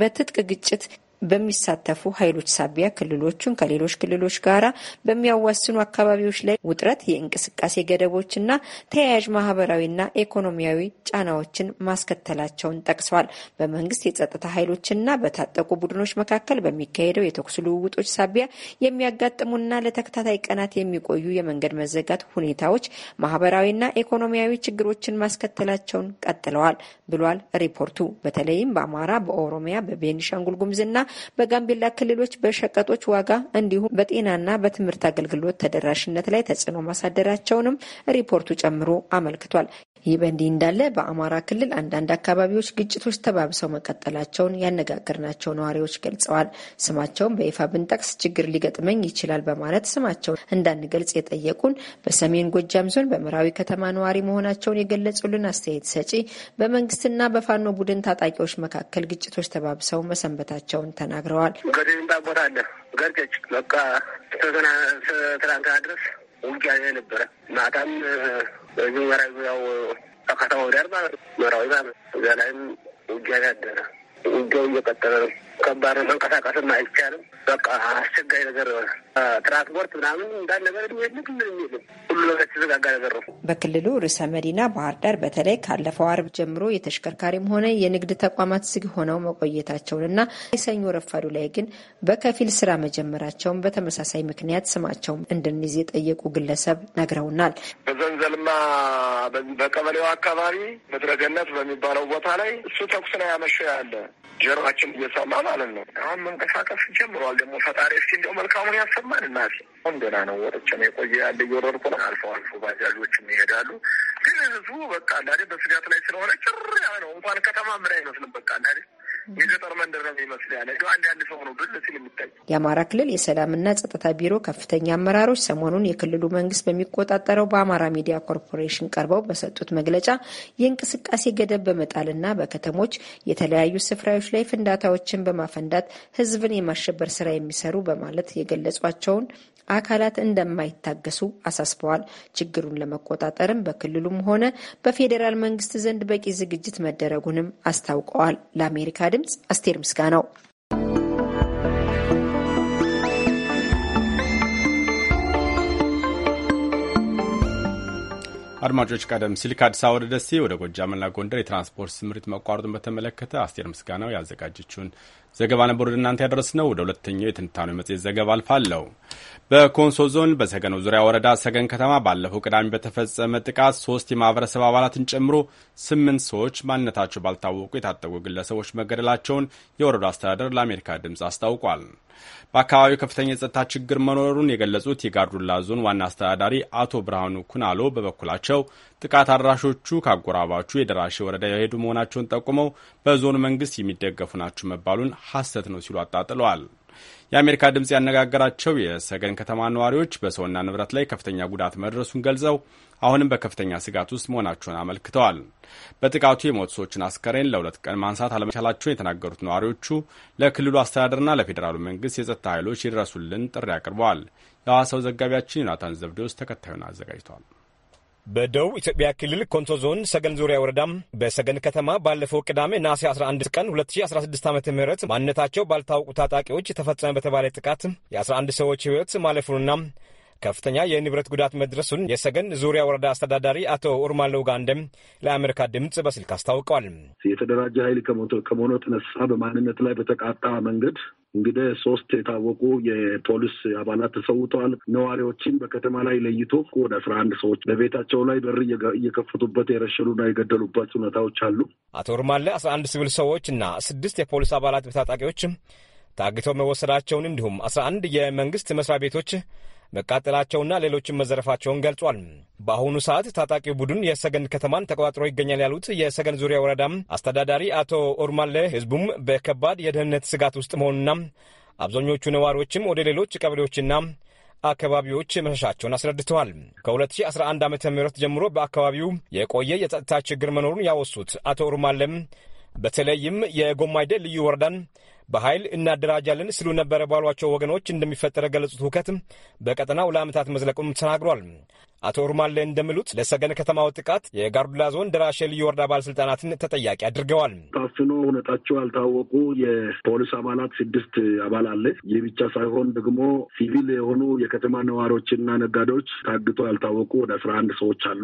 በትጥቅ ግጭት በሚሳተፉ ኃይሎች ሳቢያ ክልሎቹን ከሌሎች ክልሎች ጋራ በሚያዋስኑ አካባቢዎች ላይ ውጥረት፣ የእንቅስቃሴ ገደቦችና ተያያዥ ማህበራዊና ኢኮኖሚያዊ ጫናዎችን ማስከተላቸውን ጠቅሰዋል። በመንግስት የጸጥታ ኃይሎችና በታጠቁ ቡድኖች መካከል በሚካሄደው የተኩስ ልውውጦች ሳቢያ የሚያጋጥሙና ለተከታታይ ቀናት የሚቆዩ የመንገድ መዘጋት ሁኔታዎች ማህበራዊና ኢኮኖሚያዊ ችግሮችን ማስከተላቸውን ቀጥለዋል ብሏል ሪፖርቱ። በተለይም በአማራ፣ በኦሮሚያ፣ በቤኒሻንጉል ጉምዝና በጋምቤላ ክልሎች በሸቀጦች ዋጋ እንዲሁም በጤናና በትምህርት አገልግሎት ተደራሽነት ላይ ተጽዕኖ ማሳደራቸውንም ሪፖርቱ ጨምሮ አመልክቷል። ይህ በእንዲህ እንዳለ በአማራ ክልል አንዳንድ አካባቢዎች ግጭቶች ተባብሰው መቀጠላቸውን ያነጋገርናቸው ነዋሪዎች ገልጸዋል። ስማቸውን በይፋ ብንጠቅስ ችግር ሊገጥመኝ ይችላል በማለት ስማቸውን እንዳንገልጽ የጠየቁን በሰሜን ጎጃም ዞን በምዕራዊ ከተማ ነዋሪ መሆናቸውን የገለጹልን አስተያየት ሰጪ በመንግስትና በፋኖ ቡድን ታጣቂዎች መካከል ግጭቶች ተባብሰው መሰንበታቸውን ተናግረዋል። ገዴ ቦታ አለ። ገርጨጭ በቃ ትናንትና ድረስ ውጊያ ነበረ። ማታም በዚህ ያው ማለት መራዊ ማለት ላይም ውጊያ ያደረ ውጊያው እየቀጠለ ነው። ከባድ መንቀሳቀስም አይቻልም። በቃ አስቸጋሪ ነገር ትራንስፖርት ምናምን እንዳል ነገር ሁሉ ነገር ተዘጋጋ ነገር ነው። በክልሉ ርዕሰ መዲና ባህር ዳር በተለይ ካለፈው አርብ ጀምሮ የተሽከርካሪም ሆነ የንግድ ተቋማት ዝግ ሆነው መቆየታቸውንና የሰኞ ረፋዱ ላይ ግን በከፊል ስራ መጀመራቸውን በተመሳሳይ ምክንያት ስማቸውን እንድንይዝ የጠየቁ ግለሰብ ነግረውናል። በዘንዘልማ በቀበሌው አካባቢ ምድረገነት በሚባለው ቦታ ላይ እሱ ተኩስ ነው ያመሸ ያለ ጀሮችን እየሰማ ማለት ነው። አሁን መንቀሳቀስ ጀምረዋል። ደግሞ ፈጣሪ እስኪ እንዲያው መልካሙን ያሰማን። እናት አሁን ገና ነው። ወጥቼም የቆየ ያለ እየወረድኩ ነው። አልፎ አልፎ ባጃጆችም ይሄዳሉ። ግን ህዝቡ በቃ እንዳዴ በስጋት ላይ ስለሆነ ጭር ያ ነው። እንኳን ከተማ ምን አይመስልም በቃ እንዳዴ የገጠር መንደር ነው የሚመስል ያለ አንድ አንድ ሰው ነው ሲል የሚታይ የአማራ ክልል የሰላምና ጸጥታ ቢሮ ከፍተኛ አመራሮች ሰሞኑን የክልሉ መንግስት በሚቆጣጠረው በአማራ ሚዲያ ኮርፖሬሽን ቀርበው በሰጡት መግለጫ የእንቅስቃሴ ገደብ በመጣልና በከተሞች የተለያዩ ስፍራዎች ላይ ፍንዳታዎችን በማፈንዳት ህዝብን የማሸበር ስራ የሚሰሩ በማለት የገለጿቸውን አካላት እንደማይታገሱ አሳስበዋል። ችግሩን ለመቆጣጠርም በክልሉም ሆነ በፌዴራል መንግስት ዘንድ በቂ ዝግጅት መደረጉንም አስታውቀዋል። ለአሜሪካ ድምጽ አስቴር ምስጋናው። አድማጮች ቀደም ሲል ከአዲስ አበባ ወደ ደሴ፣ ወደ ጎጃምና ጎንደር የትራንስፖርት ስምሪት መቋረጡን በተመለከተ አስቴር ምስጋናው ያዘጋጀችውን ዘገባ ነበር ወደ እናንተ ያደረስነው። ወደ ሁለተኛው የትንታኔው መጽሔት ዘገባ አልፋለሁ። በኮንሶ ዞን በሰገነው ዙሪያ ወረዳ ሰገን ከተማ ባለፈው ቅዳሜ በተፈጸመ ጥቃት ሶስት የማህበረሰብ አባላትን ጨምሮ ስምንት ሰዎች ማንነታቸው ባልታወቁ የታጠቁ ግለሰቦች መገደላቸውን የወረዳ አስተዳደር ለአሜሪካ ድምፅ አስታውቋል። በአካባቢው ከፍተኛ የጸጥታ ችግር መኖሩን የገለጹት የጋርዱላ ዞን ዋና አስተዳዳሪ አቶ ብርሃኑ ኩናሎ በበኩላቸው ጥቃት አድራሾቹ ከአጎራባቹ የደራሼ ወረዳ የሄዱ መሆናቸውን ጠቁመው በዞኑ መንግስት የሚደገፉ ናቸው መባሉን ሐሰት ነው ሲሉ አጣጥለዋል። የአሜሪካ ድምፅ ያነጋገራቸው የሰገን ከተማ ነዋሪዎች በሰውና ንብረት ላይ ከፍተኛ ጉዳት መድረሱን ገልጸው አሁንም በከፍተኛ ስጋት ውስጥ መሆናቸውን አመልክተዋል። በጥቃቱ የሞቱ ሰዎችን አስከሬን ለሁለት ቀን ማንሳት አለመቻላቸውን የተናገሩት ነዋሪዎቹ ለክልሉ አስተዳደርና ለፌዴራሉ መንግስት የጸጥታ ኃይሎች ይድረሱልን ጥሪ አቅርበዋል። የሐዋሳው ዘጋቢያችን ዮናታን ዘብዴዎስ ተከታዩን አዘጋጅተዋል። በደቡብ ኢትዮጵያ ክልል ኮንሶ ዞን ሰገን ዙሪያ ወረዳ በሰገን ከተማ ባለፈው ቅዳሜ ናሴ 11 ቀን 2016 ዓ ም ማንነታቸው ባልታወቁ ታጣቂዎች ተፈጸመ በተባለ ጥቃት የ11 ሰዎች ህይወት ማለፉንና ከፍተኛ የንብረት ጉዳት መድረሱን የሰገን ዙሪያ ወረዳ አስተዳዳሪ አቶ ኡርማን ጋንደም ለአሜሪካ ድምፅ በስልክ አስታውቀዋል። የተደራጀ ኃይል ከመሆኑ የተነሳ በማንነት ላይ በተቃጣ መንገድ እንግዲህ ሶስት የታወቁ የፖሊስ አባላት ተሰውተዋል። ነዋሪዎችን በከተማ ላይ ለይቶ ወደ አስራ አንድ ሰዎች በቤታቸው ላይ በር እየከፈቱበት የረሸኑና የገደሉበት ሁኔታዎች አሉ። አቶ ርማለ አስራ አንድ ሲቪል ሰዎች እና ስድስት የፖሊስ አባላት በታጣቂዎች ታግተው መወሰዳቸውን እንዲሁም አስራ አንድ የመንግስት መስሪያ ቤቶች መቃጠላቸውና ሌሎችን መዘረፋቸውን ገልጿል። በአሁኑ ሰዓት ታጣቂ ቡድን የሰገን ከተማን ተቆጣጥሮ ይገኛል ያሉት የሰገን ዙሪያ ወረዳም አስተዳዳሪ አቶ ኦርማለ ህዝቡም በከባድ የደህንነት ስጋት ውስጥ መሆኑና አብዛኞቹ ነዋሪዎችም ወደ ሌሎች ቀበሌዎችና አካባቢዎች መሸሻቸውን አስረድተዋል። ከ2011 ዓ ም ጀምሮ በአካባቢው የቆየ የጸጥታ ችግር መኖሩን ያወሱት አቶ ሩማለም በተለይም የጎማይደ ልዩ ወረዳን በኃይል እናደራጃለን ሲሉ ነበረ ባሏቸው ወገኖች እንደሚፈጠረ ገለጹት። ሁከትም በቀጠናው ለአመታት መዝለቁም ተናግሯል። አቶ ኡርማሌ እንደሚሉት ለሰገን ከተማው ጥቃት የጋርዱላ ዞን ደራሼ ልዩ ወረዳ ባለስልጣናትን ተጠያቂ አድርገዋል። ታፍኖ እውነታቸው ያልታወቁ የፖሊስ አባላት ስድስት አባል አለ። ይህ ብቻ ሳይሆን ደግሞ ሲቪል የሆኑ የከተማ ነዋሪዎችና ነጋዴዎች ታግቶ ያልታወቁ ወደ አስራ አንድ ሰዎች አሉ።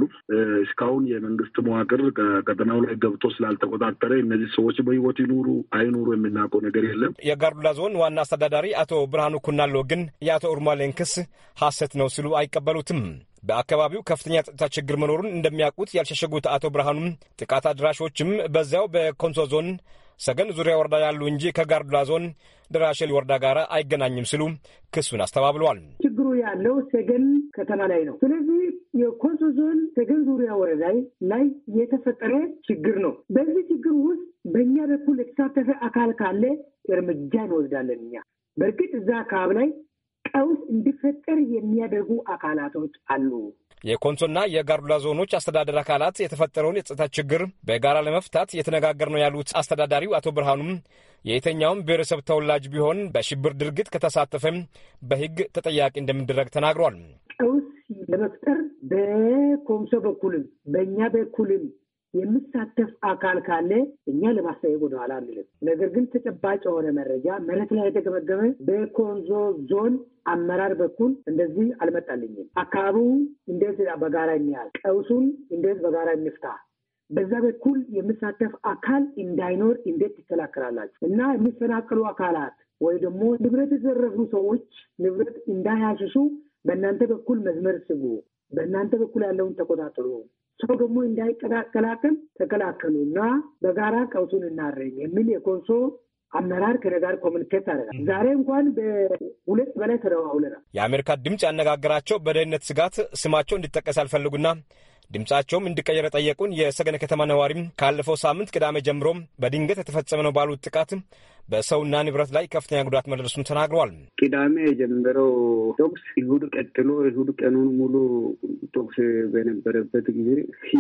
እስካሁን የመንግስት መዋቅር ከቀጠናው ላይ ገብቶ ስላልተቆጣጠረ እነዚህ ሰዎች በህይወት ይኑሩ አይኑሩ የምናውቀው ነገር የለም። የጋርዱላ ዞን ዋና አስተዳዳሪ አቶ ብርሃኑ ኩናሎ ግን የአቶ ኡርማሌን ክስ ሐሰት ነው ሲሉ አይቀበሉትም። በአካባቢው ከፍተኛ ጸጥታ ችግር መኖሩን እንደሚያውቁት ያልሸሸጉት አቶ ብርሃኑም ጥቃት አድራሾችም በዚያው በኮንሶ ዞን ሰገን ዙሪያ ወረዳ ያሉ እንጂ ከጋርዱላ ዞን ድራሸል ወረዳ ጋር አይገናኝም ሲሉ ክሱን አስተባብለዋል። ችግሩ ያለው ሰገን ከተማ ላይ ነው። ስለዚህ የኮንሶ ዞን ሰገን ዙሪያ ወረዳ ላይ የተፈጠረ ችግር ነው። በዚህ ችግር ውስጥ በእኛ በኩል የተሳተፈ አካል ካለ እርምጃ እንወስዳለን። እኛ በእርግጥ እዛ አካባቢ ላይ ቀውስ እንዲፈጠር የሚያደርጉ አካላቶች አሉ። የኮንሶና የጋርዱላ ዞኖች አስተዳደር አካላት የተፈጠረውን የጸጥታ ችግር በጋራ ለመፍታት እየተነጋገር ነው ያሉት አስተዳዳሪው አቶ ብርሃኑም የየተኛውም ብሔረሰብ ተወላጅ ቢሆን በሽብር ድርጊት ከተሳተፈም በሕግ ተጠያቂ እንደሚደረግ ተናግሯል። ቀውስ ለመፍጠር በኮንሶ በኩልም በእኛ በኩልም የምሳተፍ አካል ካለ እኛ ለማሳየት ወደኋላ አንልም። ነገር ግን ተጨባጭ የሆነ መረጃ መሬት ላይ የተገመገመ በኮንዞ ዞን አመራር በኩል እንደዚህ አልመጣልኝም። አካባቢው እንዴት በጋራ የሚያል ቀውሱን እንዴት በጋራ የሚፍታ በዛ በኩል የምሳተፍ አካል እንዳይኖር እንዴት ትከላከላላችሁ? እና የሚፈናቀሉ አካላት ወይ ደግሞ ንብረት የዘረፉ ሰዎች ንብረት እንዳያሽሹ በእናንተ በኩል መዝመር ስጉ፣ በእናንተ በኩል ያለውን ተቆጣጥሩ ሰው ደግሞ እንዳይቀላቀል ተከላከሉ እና በጋራ ቀውሱን እናረኝ የሚል የኮንሶ አመራር ከኔ ጋር ኮሚኒኬት አደረጋል። ዛሬ እንኳን በሁለት በላይ ተደዋውለናል። የአሜሪካ ድምፅ ያነጋገራቸው በደህንነት ስጋት ስማቸው እንዲጠቀስ ያልፈልጉና ድምፃቸውም እንዲቀየር ጠየቁን የሰገነ ከተማ ነዋሪም ካለፈው ሳምንት ቅዳሜ ጀምሮ በድንገት የተፈጸመ ነው ባሉት ጥቃት በሰውና ንብረት ላይ ከፍተኛ ጉዳት መድረሱን ተናግሯል። ቅዳሜ የጀመረው ተኩስ ይሁድ ቀጥሎ ይሁድ ቀኑን ሙሉ ተኩስ በነበረበት ጊዜ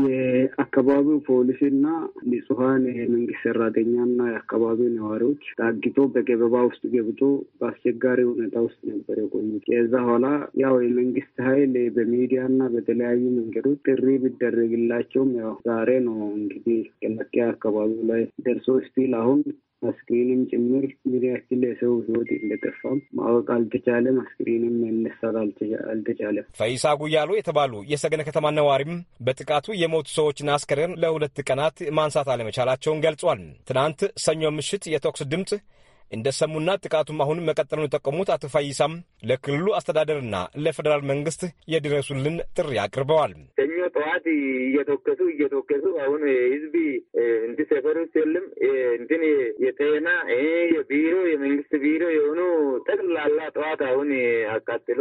የአካባቢው ፖሊስና ንጹሐን የመንግስት ሰራተኛና የአካባቢው ነዋሪዎች ታግቶ በገበባ ውስጥ ገብቶ በአስቸጋሪ ሁኔታ ውስጥ ነበር የቆዩት። ከዛ ኋላ ያው የመንግስት ኃይል በሚዲያና በተለያዩ መንገዶች ጥሪ ቢደረግላቸውም ያው ዛሬ ነው እንግዲህ መቀመቂያ አካባቢው ላይ ደርሶ ስቲል አሁን አስክሬንም ጭምር ዙሪያችን ላይ ሰው ህይወት እንደጠፋም ማወቅ አልተቻለም። አስክሬንም መነሳት አልተቻለም። ፈይሳ ጉያሉ የተባሉ የሰገነ ከተማ ነዋሪም በጥቃቱ የሞቱ ሰዎችን አስክሬን ለሁለት ቀናት ማንሳት አለመቻላቸውን ገልጿል። ትናንት ሰኞ ምሽት የተኩስ ድምፅ እንደሰሙና ጥቃቱም አሁንም መቀጠሉን የጠቆሙት አቶ ፋይሳም ለክልሉ አስተዳደርና ለፌዴራል መንግስት የድረሱልን ጥሪ አቅርበዋል። ሰኞ ጠዋት እየተወከሱ እየተወከሱ አሁን ህዝቢ እንዲ ሰፈር ውስጥ የለም እንትን የጤና የቢሮ የመንግስት ቢሮ የሆኑ ጠቅላላ ጠዋት አሁን አቃጥሎ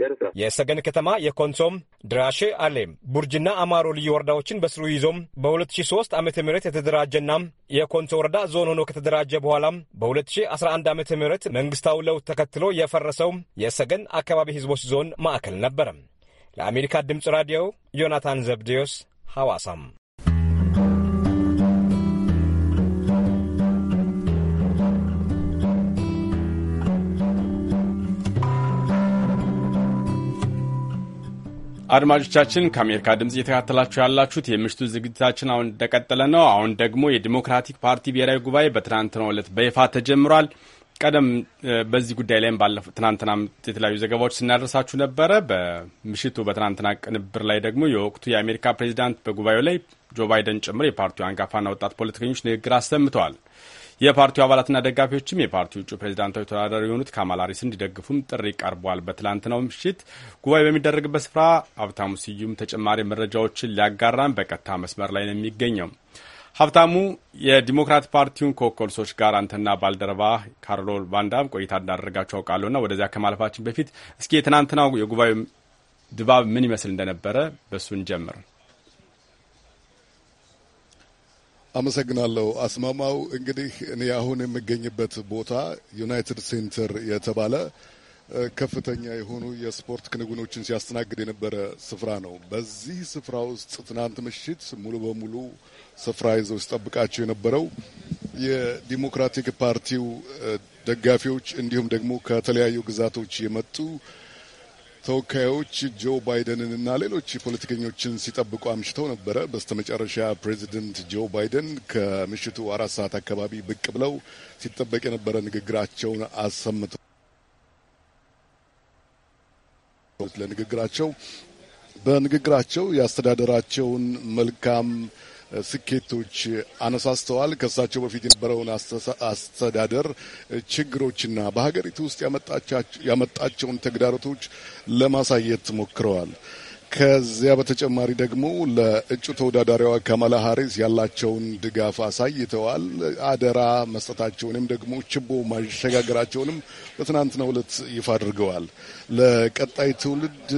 ጨርሷል። የሰገን ከተማ የኮንሶም ድራሼ፣ አሌም፣ ቡርጅና አማሮ ልዩ ወረዳዎችን በስሩ ይዞም በ2003 ዓ ም የተደራጀና የኮንሶ ወረዳ ዞን ሆኖ ከተደራጀ በኋላም በ 2 2011 ዓ ም መንግስታዊ ለውጥ ተከትሎ የፈረሰው የሰገን አካባቢ ህዝቦች ዞን ማዕከል ነበረ። ለአሜሪካ ድምፅ ራዲዮ ዮናታን ዘብዴዎስ ሐዋሳም አድማጮቻችን ከአሜሪካ ድምፅ እየተካተላችሁ ያላችሁት የምሽቱ ዝግጅታችን አሁን እንደቀጠለ ነው። አሁን ደግሞ የዲሞክራቲክ ፓርቲ ብሔራዊ ጉባኤ በትናንትናው ዕለት በይፋ ተጀምሯል። ቀደም በዚህ ጉዳይ ላይም ባለፉት ትናንትና የተለያዩ ዘገባዎች ስናደርሳችሁ ነበረ። በምሽቱ በትናንትና ቅንብር ላይ ደግሞ የወቅቱ የአሜሪካ ፕሬዚዳንት በጉባኤው ላይ ጆ ባይደን ጭምር የፓርቲው አንጋፋና ወጣት ፖለቲከኞች ንግግር አሰምተዋል። የፓርቲው አባላትና ደጋፊዎችም የፓርቲው እጩ ፕሬዚዳንታዊ ተወዳዳሪ የሆኑት ካማላ እንዲደግፉም ጥሪ ቀርቧል። በትላንትናው ምሽት ጉባኤ በሚደረግበት ስፍራ ሀብታሙ ስዩም ተጨማሪ መረጃዎችን ሊያጋራን በቀጥታ መስመር ላይ ነው የሚገኘው። ሀብታሙ፣ የዲሞክራት ፓርቲውን ከኮልሶች ጋር አንተና ባልደረባ ካርሎ ቫንዳም ቆይታ እንዳደረጋችሁ አውቃለሁና ወደዚያ ከማለፋችን በፊት እስኪ የትናንትናው የጉባኤ ድባብ ምን ይመስል እንደነበረ በእሱን ጀምር። አመሰግናለሁ አስማማው። እንግዲህ እኔ አሁን የምገኝበት ቦታ ዩናይትድ ሴንተር የተባለ ከፍተኛ የሆኑ የስፖርት ክንውኖችን ሲያስተናግድ የነበረ ስፍራ ነው። በዚህ ስፍራ ውስጥ ትናንት ምሽት ሙሉ በሙሉ ስፍራ ይዘው ሲጠብቃቸው የነበረው የዲሞክራቲክ ፓርቲው ደጋፊዎች እንዲሁም ደግሞ ከተለያዩ ግዛቶች የመጡ ተወካዮች ጆ ባይደንንና ሌሎች ፖለቲከኞችን ሲጠብቁ አምሽተው ነበረ። በስተመጨረሻ ፕሬዚደንት ጆ ባይደን ከምሽቱ አራት ሰዓት አካባቢ ብቅ ብለው ሲጠበቅ የነበረ ንግግራቸውን አሰምተው ለንግግራቸው በንግግራቸው የአስተዳደራቸውን መልካም ስኬቶች አነሳስተዋል። ከእሳቸው በፊት የነበረውን አስተዳደር ችግሮችና በሀገሪቱ ውስጥ ያመጣቸውን ተግዳሮቶች ለማሳየት ሞክረዋል። ከዚያ በተጨማሪ ደግሞ ለእጩ ተወዳዳሪዋ ካማላ ሀሪስ ያላቸውን ድጋፍ አሳይተዋል። አደራ መስጠታቸውንም ደግሞ ችቦ ማሸጋገራቸውንም በትናንትናው ዕለት ይፋ አድርገዋል። ለቀጣይ ትውልድ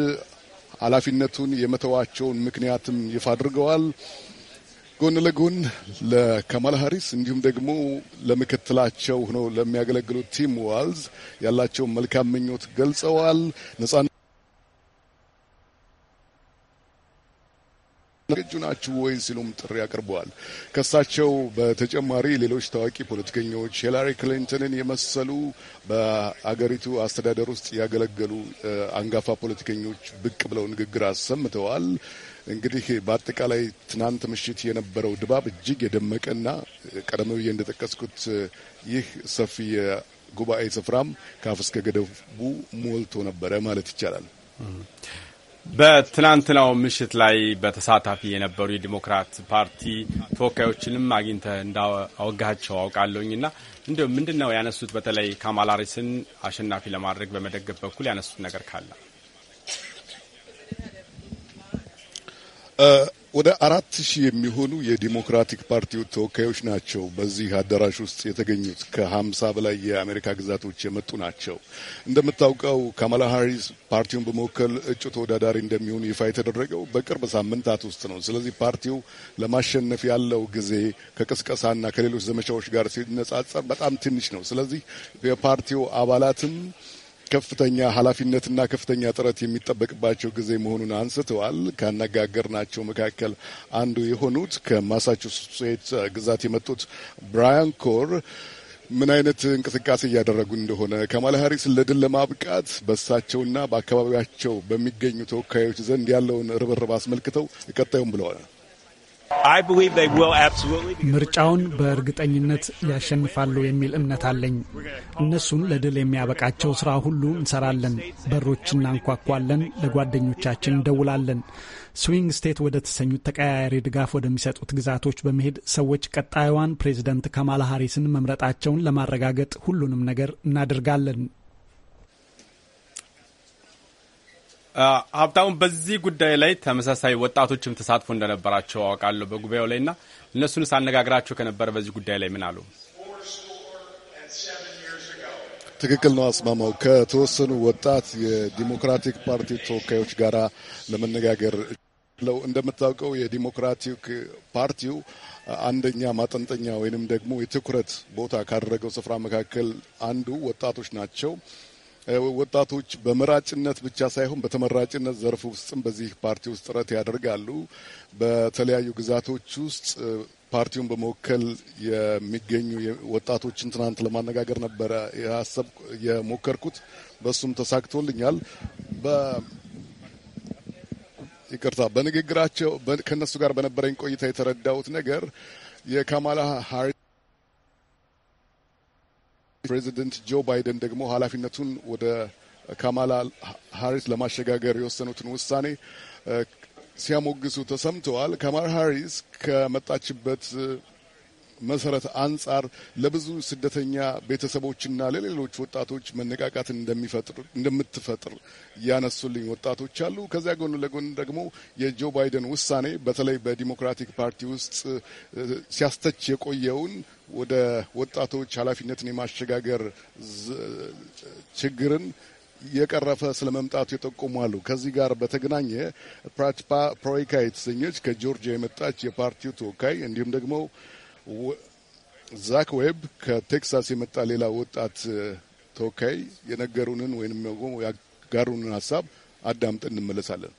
ኃላፊነቱን የመተዋቸውን ምክንያትም ይፋ አድርገዋል። ጎን ለጎን ለካማላ ሀሪስ እንዲሁም ደግሞ ለምክትላቸው ሆኖ ለሚያገለግሉት ቲም ዋልዝ ያላቸውን መልካም ምኞት ገልጸዋል። ነጻነት ዝግጁ ናችሁ ወይ ሲሉም ጥሪ አቅርበዋል። ከሳቸው በተጨማሪ ሌሎች ታዋቂ ፖለቲከኞች ሂላሪ ክሊንተንን የመሰሉ በአገሪቱ አስተዳደር ውስጥ ያገለገሉ አንጋፋ ፖለቲከኞች ብቅ ብለው ንግግር አሰምተዋል። እንግዲህ በአጠቃላይ ትናንት ምሽት የነበረው ድባብ እጅግ የደመቀና ቀደም ብዬ እንደጠቀስኩት ይህ ሰፊ የጉባኤ ስፍራም ከአፍ እስከ ገደቡ ሞልቶ ነበረ ማለት ይቻላል። በትናንትናው ምሽት ላይ በተሳታፊ የነበሩ የዲሞክራት ፓርቲ ተወካዮችንም አግኝተህ እንዳወጋቸው ና እንዲሁም ምንድን ነው ያነሱት? በተለይ ካማላ ሃሪስን አሸናፊ ለማድረግ በመደገፍ በኩል ያነሱት ነገር ካለ ወደ አራት ሺህ የሚሆኑ የዲሞክራቲክ ፓርቲው ተወካዮች ናቸው በዚህ አዳራሽ ውስጥ የተገኙት። ከሀምሳ በላይ የአሜሪካ ግዛቶች የመጡ ናቸው። እንደምታውቀው ካማላ ሃሪስ ፓርቲውን በመወከል እጩ ተወዳዳሪ እንደሚሆኑ ይፋ የተደረገው በቅርብ ሳምንታት ውስጥ ነው። ስለዚህ ፓርቲው ለማሸነፍ ያለው ጊዜ ከቅስቀሳና ከሌሎች ዘመቻዎች ጋር ሲነጻጸር በጣም ትንሽ ነው። ስለዚህ የፓርቲው አባላትም ከፍተኛ ኃላፊነትና ከፍተኛ ጥረት የሚጠበቅባቸው ጊዜ መሆኑን አንስተዋል። ካነጋገርናቸው መካከል አንዱ የሆኑት ከማሳቹሴት ግዛት የመጡት ብራያን ኮር ምን አይነት እንቅስቃሴ እያደረጉ እንደሆነ ከማል ሀሪስ ለድል ለማብቃት በሳቸውና በአካባቢያቸው በሚገኙ ተወካዮች ዘንድ ያለውን ርብርብ አስመልክተው ቀጣዩም ብለዋል። ምርጫውን በእርግጠኝነት ያሸንፋሉ የሚል እምነት አለኝ። እነሱን ለድል የሚያበቃቸው ስራ ሁሉ እንሰራለን። በሮች እናንኳኳለን፣ ለጓደኞቻችን እንደውላለን። ስዊንግ ስቴት ወደ ተሰኙት ተቀያያሪ ድጋፍ ወደሚሰጡት ግዛቶች በመሄድ ሰዎች ቀጣዩዋን ፕሬዚደንት ካማላ ሃሪስን መምረጣቸውን ለማረጋገጥ ሁሉንም ነገር እናደርጋለን። ሀብታሙን በዚህ ጉዳይ ላይ ተመሳሳይ ወጣቶችም ተሳትፎ እንደነበራቸው አውቃለሁ በጉባኤው ላይ እና እነሱን ሳነጋግራቸው ከነበረ በዚህ ጉዳይ ላይ ምን አሉ? ትክክል ነው አስማማው። ከተወሰኑ ወጣት የዲሞክራቲክ ፓርቲ ተወካዮች ጋር ለመነጋገር ለው እንደምታውቀው የዲሞክራቲክ ፓርቲው አንደኛ ማጠንጠኛ ወይንም ደግሞ የትኩረት ቦታ ካደረገው ስፍራ መካከል አንዱ ወጣቶች ናቸው። ወጣቶች በመራጭነት ብቻ ሳይሆን በተመራጭነት ዘርፍ ውስጥም በዚህ ፓርቲ ውስጥ ጥረት ያደርጋሉ። በተለያዩ ግዛቶች ውስጥ ፓርቲውን በመወከል የሚገኙ ወጣቶችን ትናንት ለማነጋገር ነበረ ያሰብ የሞከርኩት በሱም ተሳክቶልኛል። ይቅርታ፣ በንግግራቸው ከእነሱ ጋር በነበረኝ ቆይታ የተረዳሁት ነገር የካማላ ሀሪ ፕሬዚደንት ጆ ባይደን ደግሞ ኃላፊነቱን ወደ ካማላ ሃሪስ ለማሸጋገር የወሰኑትን ውሳኔ ሲያሞግሱ ተሰምተዋል። ካማላ ሃሪስ ከመጣችበት መሰረት አንጻር ለብዙ ስደተኛ ቤተሰቦችና ለሌሎች ወጣቶች መነቃቃትን እንደምትፈጥር ያነሱልኝ ወጣቶች አሉ። ከዚያ ጎን ለጎን ደግሞ የጆ ባይደን ውሳኔ በተለይ በዲሞክራቲክ ፓርቲ ውስጥ ሲያስተች የቆየውን ወደ ወጣቶች ኃላፊነትን የማሸጋገር ችግርን የቀረፈ ስለ መምጣቱ ይጠቁማሉ። ከዚህ ጋር በተገናኘ ፕራትፓ ፕሮይካ የተሰኘች ከጆርጂያ የመጣች የፓርቲው ተወካይ እንዲሁም ደግሞ ዛክ ዌብ ከቴክሳስ የመጣ ሌላ ወጣት ተወካይ የነገሩንን ወይም ያጋሩንን ሀሳብ አዳምጠን እንመለሳለን።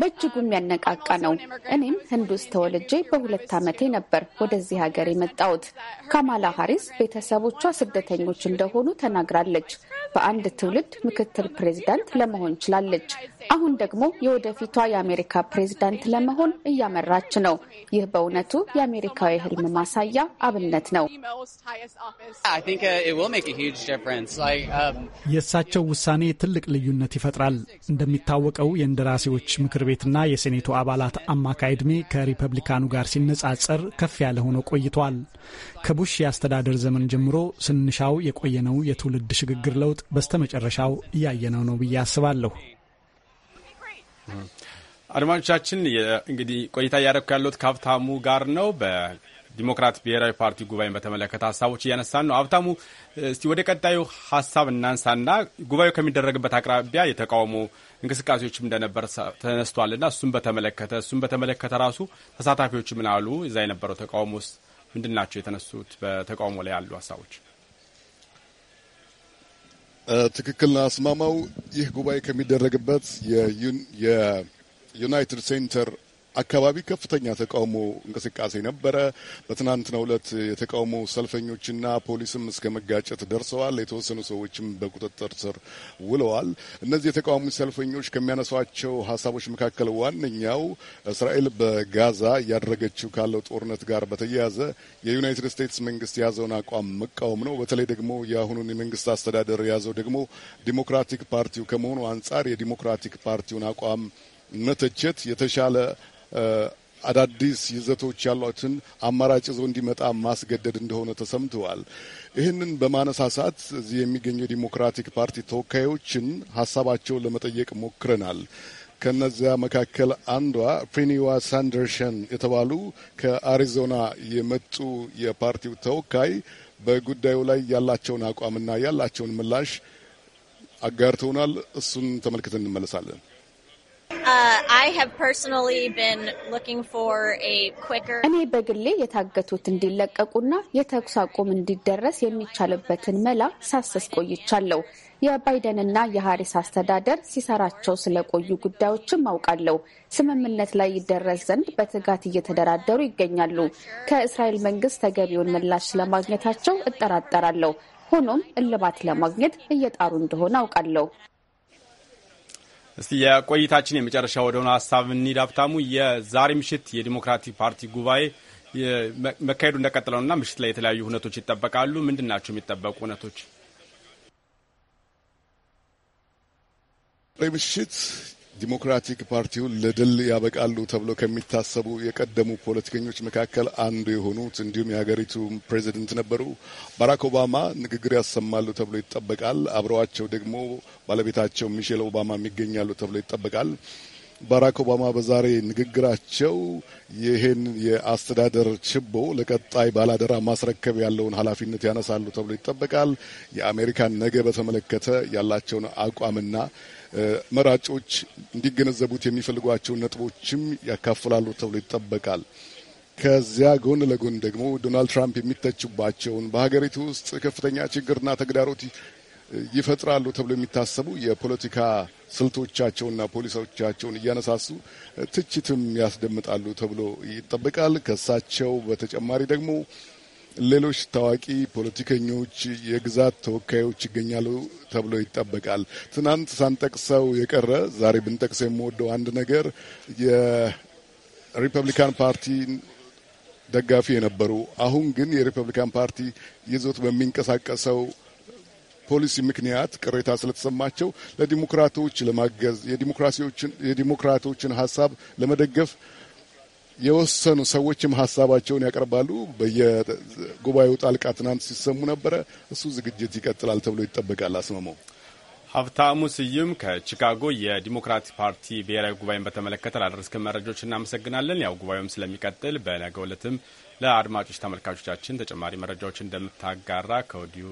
በእጅጉ የሚያነቃቃ ነው። እኔም ህንድ ውስጥ ተወልጄ በሁለት ዓመቴ ነበር ወደዚህ ሀገር የመጣሁት። ካማላ ሀሪስ ቤተሰቦቿ ስደተኞች እንደሆኑ ተናግራለች። በአንድ ትውልድ ምክትል ፕሬዚዳንት ለመሆን ችላለች። አሁን ደግሞ የወደፊቷ የአሜሪካ ፕሬዚዳንት ለመሆን እያመራች ነው። ይህ በእውነቱ የአሜሪካዊ ህልም ማሳያ አብነት ነው። uh, um, የእሳቸው ውሳኔ ትልቅ ልዩነት ተጠያቂነት ይፈጥራል። እንደሚታወቀው የእንደራሴዎች ምክር ቤትና የሴኔቱ አባላት አማካይ ዕድሜ ከሪፐብሊካኑ ጋር ሲነጻጸር ከፍ ያለ ሆኖ ቆይቷል። ከቡሽ የአስተዳደር ዘመን ጀምሮ ስንሻው የቆየነው የትውልድ ሽግግር ለውጥ በስተመጨረሻው እያየነው ነው ብዬ አስባለሁ። አድማጮቻችን፣ እንግዲህ ቆይታ እያደረኩ ያለሁት ከሀብታሙ ጋር ነው። ዲሞክራት ብሔራዊ ፓርቲ ጉባኤን በተመለከተ ሀሳቦች እያነሳን ነው። ሀብታሙ፣ እስቲ ወደ ቀጣዩ ሀሳብ እናንሳና ጉባኤው ከሚደረግበት አቅራቢያ የተቃውሞ እንቅስቃሴዎችም እንደነበር ተነስቷልና እሱም በተመለከተ እሱም በተመለከተ ራሱ ተሳታፊዎች ምን አሉ? እዛ የነበረው ተቃውሞ ውስጥ ምንድን ናቸው የተነሱት? በተቃውሞ ላይ ያሉ ሀሳቦች ትክክል አስማማው። ይህ ጉባኤ ከሚደረግበት የዩናይትድ ሴንተር አካባቢ ከፍተኛ ተቃውሞ እንቅስቃሴ ነበረ። በትናንትናው ዕለት የተቃውሞ ሰልፈኞችና ፖሊስም እስከ መጋጨት ደርሰዋል። የተወሰኑ ሰዎችም በቁጥጥር ስር ውለዋል። እነዚህ የተቃዋሚ ሰልፈኞች ከሚያነሷቸው ሀሳቦች መካከል ዋነኛው እስራኤል በጋዛ እያደረገችው ካለው ጦርነት ጋር በተያያዘ የዩናይትድ ስቴትስ መንግስት የያዘውን አቋም መቃወም ነው። በተለይ ደግሞ የአሁኑን የመንግስት አስተዳደር የያዘው ደግሞ ዲሞክራቲክ ፓርቲው ከመሆኑ አንጻር የዲሞክራቲክ ፓርቲውን አቋም መተቸት የተሻለ አዳዲስ ይዘቶች ያሏትን አማራጭ ይዞ እንዲመጣ ማስገደድ እንደሆነ ተሰምተዋል። ይህንን በማነሳሳት እዚህ የሚገኙ የዲሞክራቲክ ፓርቲ ተወካዮችን ሀሳባቸውን ለመጠየቅ ሞክረናል። ከነዚያ መካከል አንዷ ፌኒዋ ሳንደርሸን የተባሉ ከአሪዞና የመጡ የፓርቲው ተወካይ በጉዳዩ ላይ ያላቸውን አቋምና ያላቸውን ምላሽ አጋርተውናል። እሱን ተመልክተን እንመለሳለን። Uh, እኔ በግሌ የታገቱት እንዲለቀቁና የተኩስ አቁም እንዲደረስ የሚቻልበትን መላ ሳሰስ ቆይቻለሁ። የባይደንና የሀሪስ አስተዳደር ሲሰራቸው ስለቆዩ ጉዳዮችም አውቃለሁ። ስምምነት ላይ ይደረስ ዘንድ በትጋት እየተደራደሩ ይገኛሉ። ከእስራኤል መንግስት ተገቢውን ምላሽ ለማግኘታቸው እጠራጠራለሁ። ሆኖም እልባት ለማግኘት እየጣሩ እንደሆነ አውቃለሁ። እስቲ የቆይታችን የመጨረሻ ወደሆነ ሀሳብ እንሂድ። ሀብታሙ የዛሬ ምሽት የዲሞክራቲክ ፓርቲ ጉባኤ መካሄዱ እንደቀጥለውና ምሽት ላይ የተለያዩ እውነቶች ይጠበቃሉ። ምንድን ናቸው የሚጠበቁ እውነቶች ምሽት ዲሞክራቲክ ፓርቲውን ለድል ያበቃሉ ተብሎ ከሚታሰቡ የቀደሙ ፖለቲከኞች መካከል አንዱ የሆኑት እንዲሁም የሀገሪቱ ፕሬዚደንት ነበሩ ባራክ ኦባማ ንግግር ያሰማሉ ተብሎ ይጠበቃል። አብረዋቸው ደግሞ ባለቤታቸው ሚሼል ኦባማ ይገኛሉ ተብሎ ይጠበቃል። ባራክ ኦባማ በዛሬ ንግግራቸው ይህን የአስተዳደር ችቦ ለቀጣይ ባላደራ ማስረከብ ያለውን ኃላፊነት ያነሳሉ ተብሎ ይጠበቃል። የአሜሪካን ነገ በተመለከተ ያላቸውን አቋምና መራጮች እንዲገነዘቡት የሚፈልጓቸውን ነጥቦችም ያካፍላሉ ተብሎ ይጠበቃል። ከዚያ ጎን ለጎን ደግሞ ዶናልድ ትራምፕ የሚተቹባቸውን በሀገሪቱ ውስጥ ከፍተኛ ችግርና ተግዳሮት ይፈጥራሉ ተብሎ የሚታሰቡ የፖለቲካ ስልቶቻቸውና ፖሊሶቻቸውን እያነሳሱ ትችትም ያስደምጣሉ ተብሎ ይጠበቃል። ከእሳቸው በተጨማሪ ደግሞ ሌሎች ታዋቂ ፖለቲከኞች፣ የግዛት ተወካዮች ይገኛሉ ተብሎ ይጠበቃል። ትናንት ሳንጠቅሰው የቀረ ዛሬ ብንጠቅሰ የምወደው አንድ ነገር የሪፐብሊካን ፓርቲ ደጋፊ የነበሩ አሁን ግን የሪፐብሊካን ፓርቲ ይዞት በሚንቀሳቀሰው ፖሊሲ ምክንያት ቅሬታ ስለተሰማቸው ለዲሞክራቶች ለማገዝ የዲሞክራቶችን ሀሳብ ለመደገፍ የወሰኑ ሰዎችም ሀሳባቸውን ያቀርባሉ። በየጉባኤው ጣልቃ ትናንት ሲሰሙ ነበረ። እሱ ዝግጅት ይቀጥላል ተብሎ ይጠበቃል። አስመመው ሀብታሙ ስዩም ከቺካጎ የዲሞክራቲክ ፓርቲ ብሔራዊ ጉባኤን በተመለከተ ላደረስክን መረጃዎች እናመሰግናለን። ያው ጉባኤውም ስለሚቀጥል በነገው ዕለትም ለአድማጮች ተመልካቾቻችን ተጨማሪ መረጃዎች እንደምታጋራ ከወዲሁ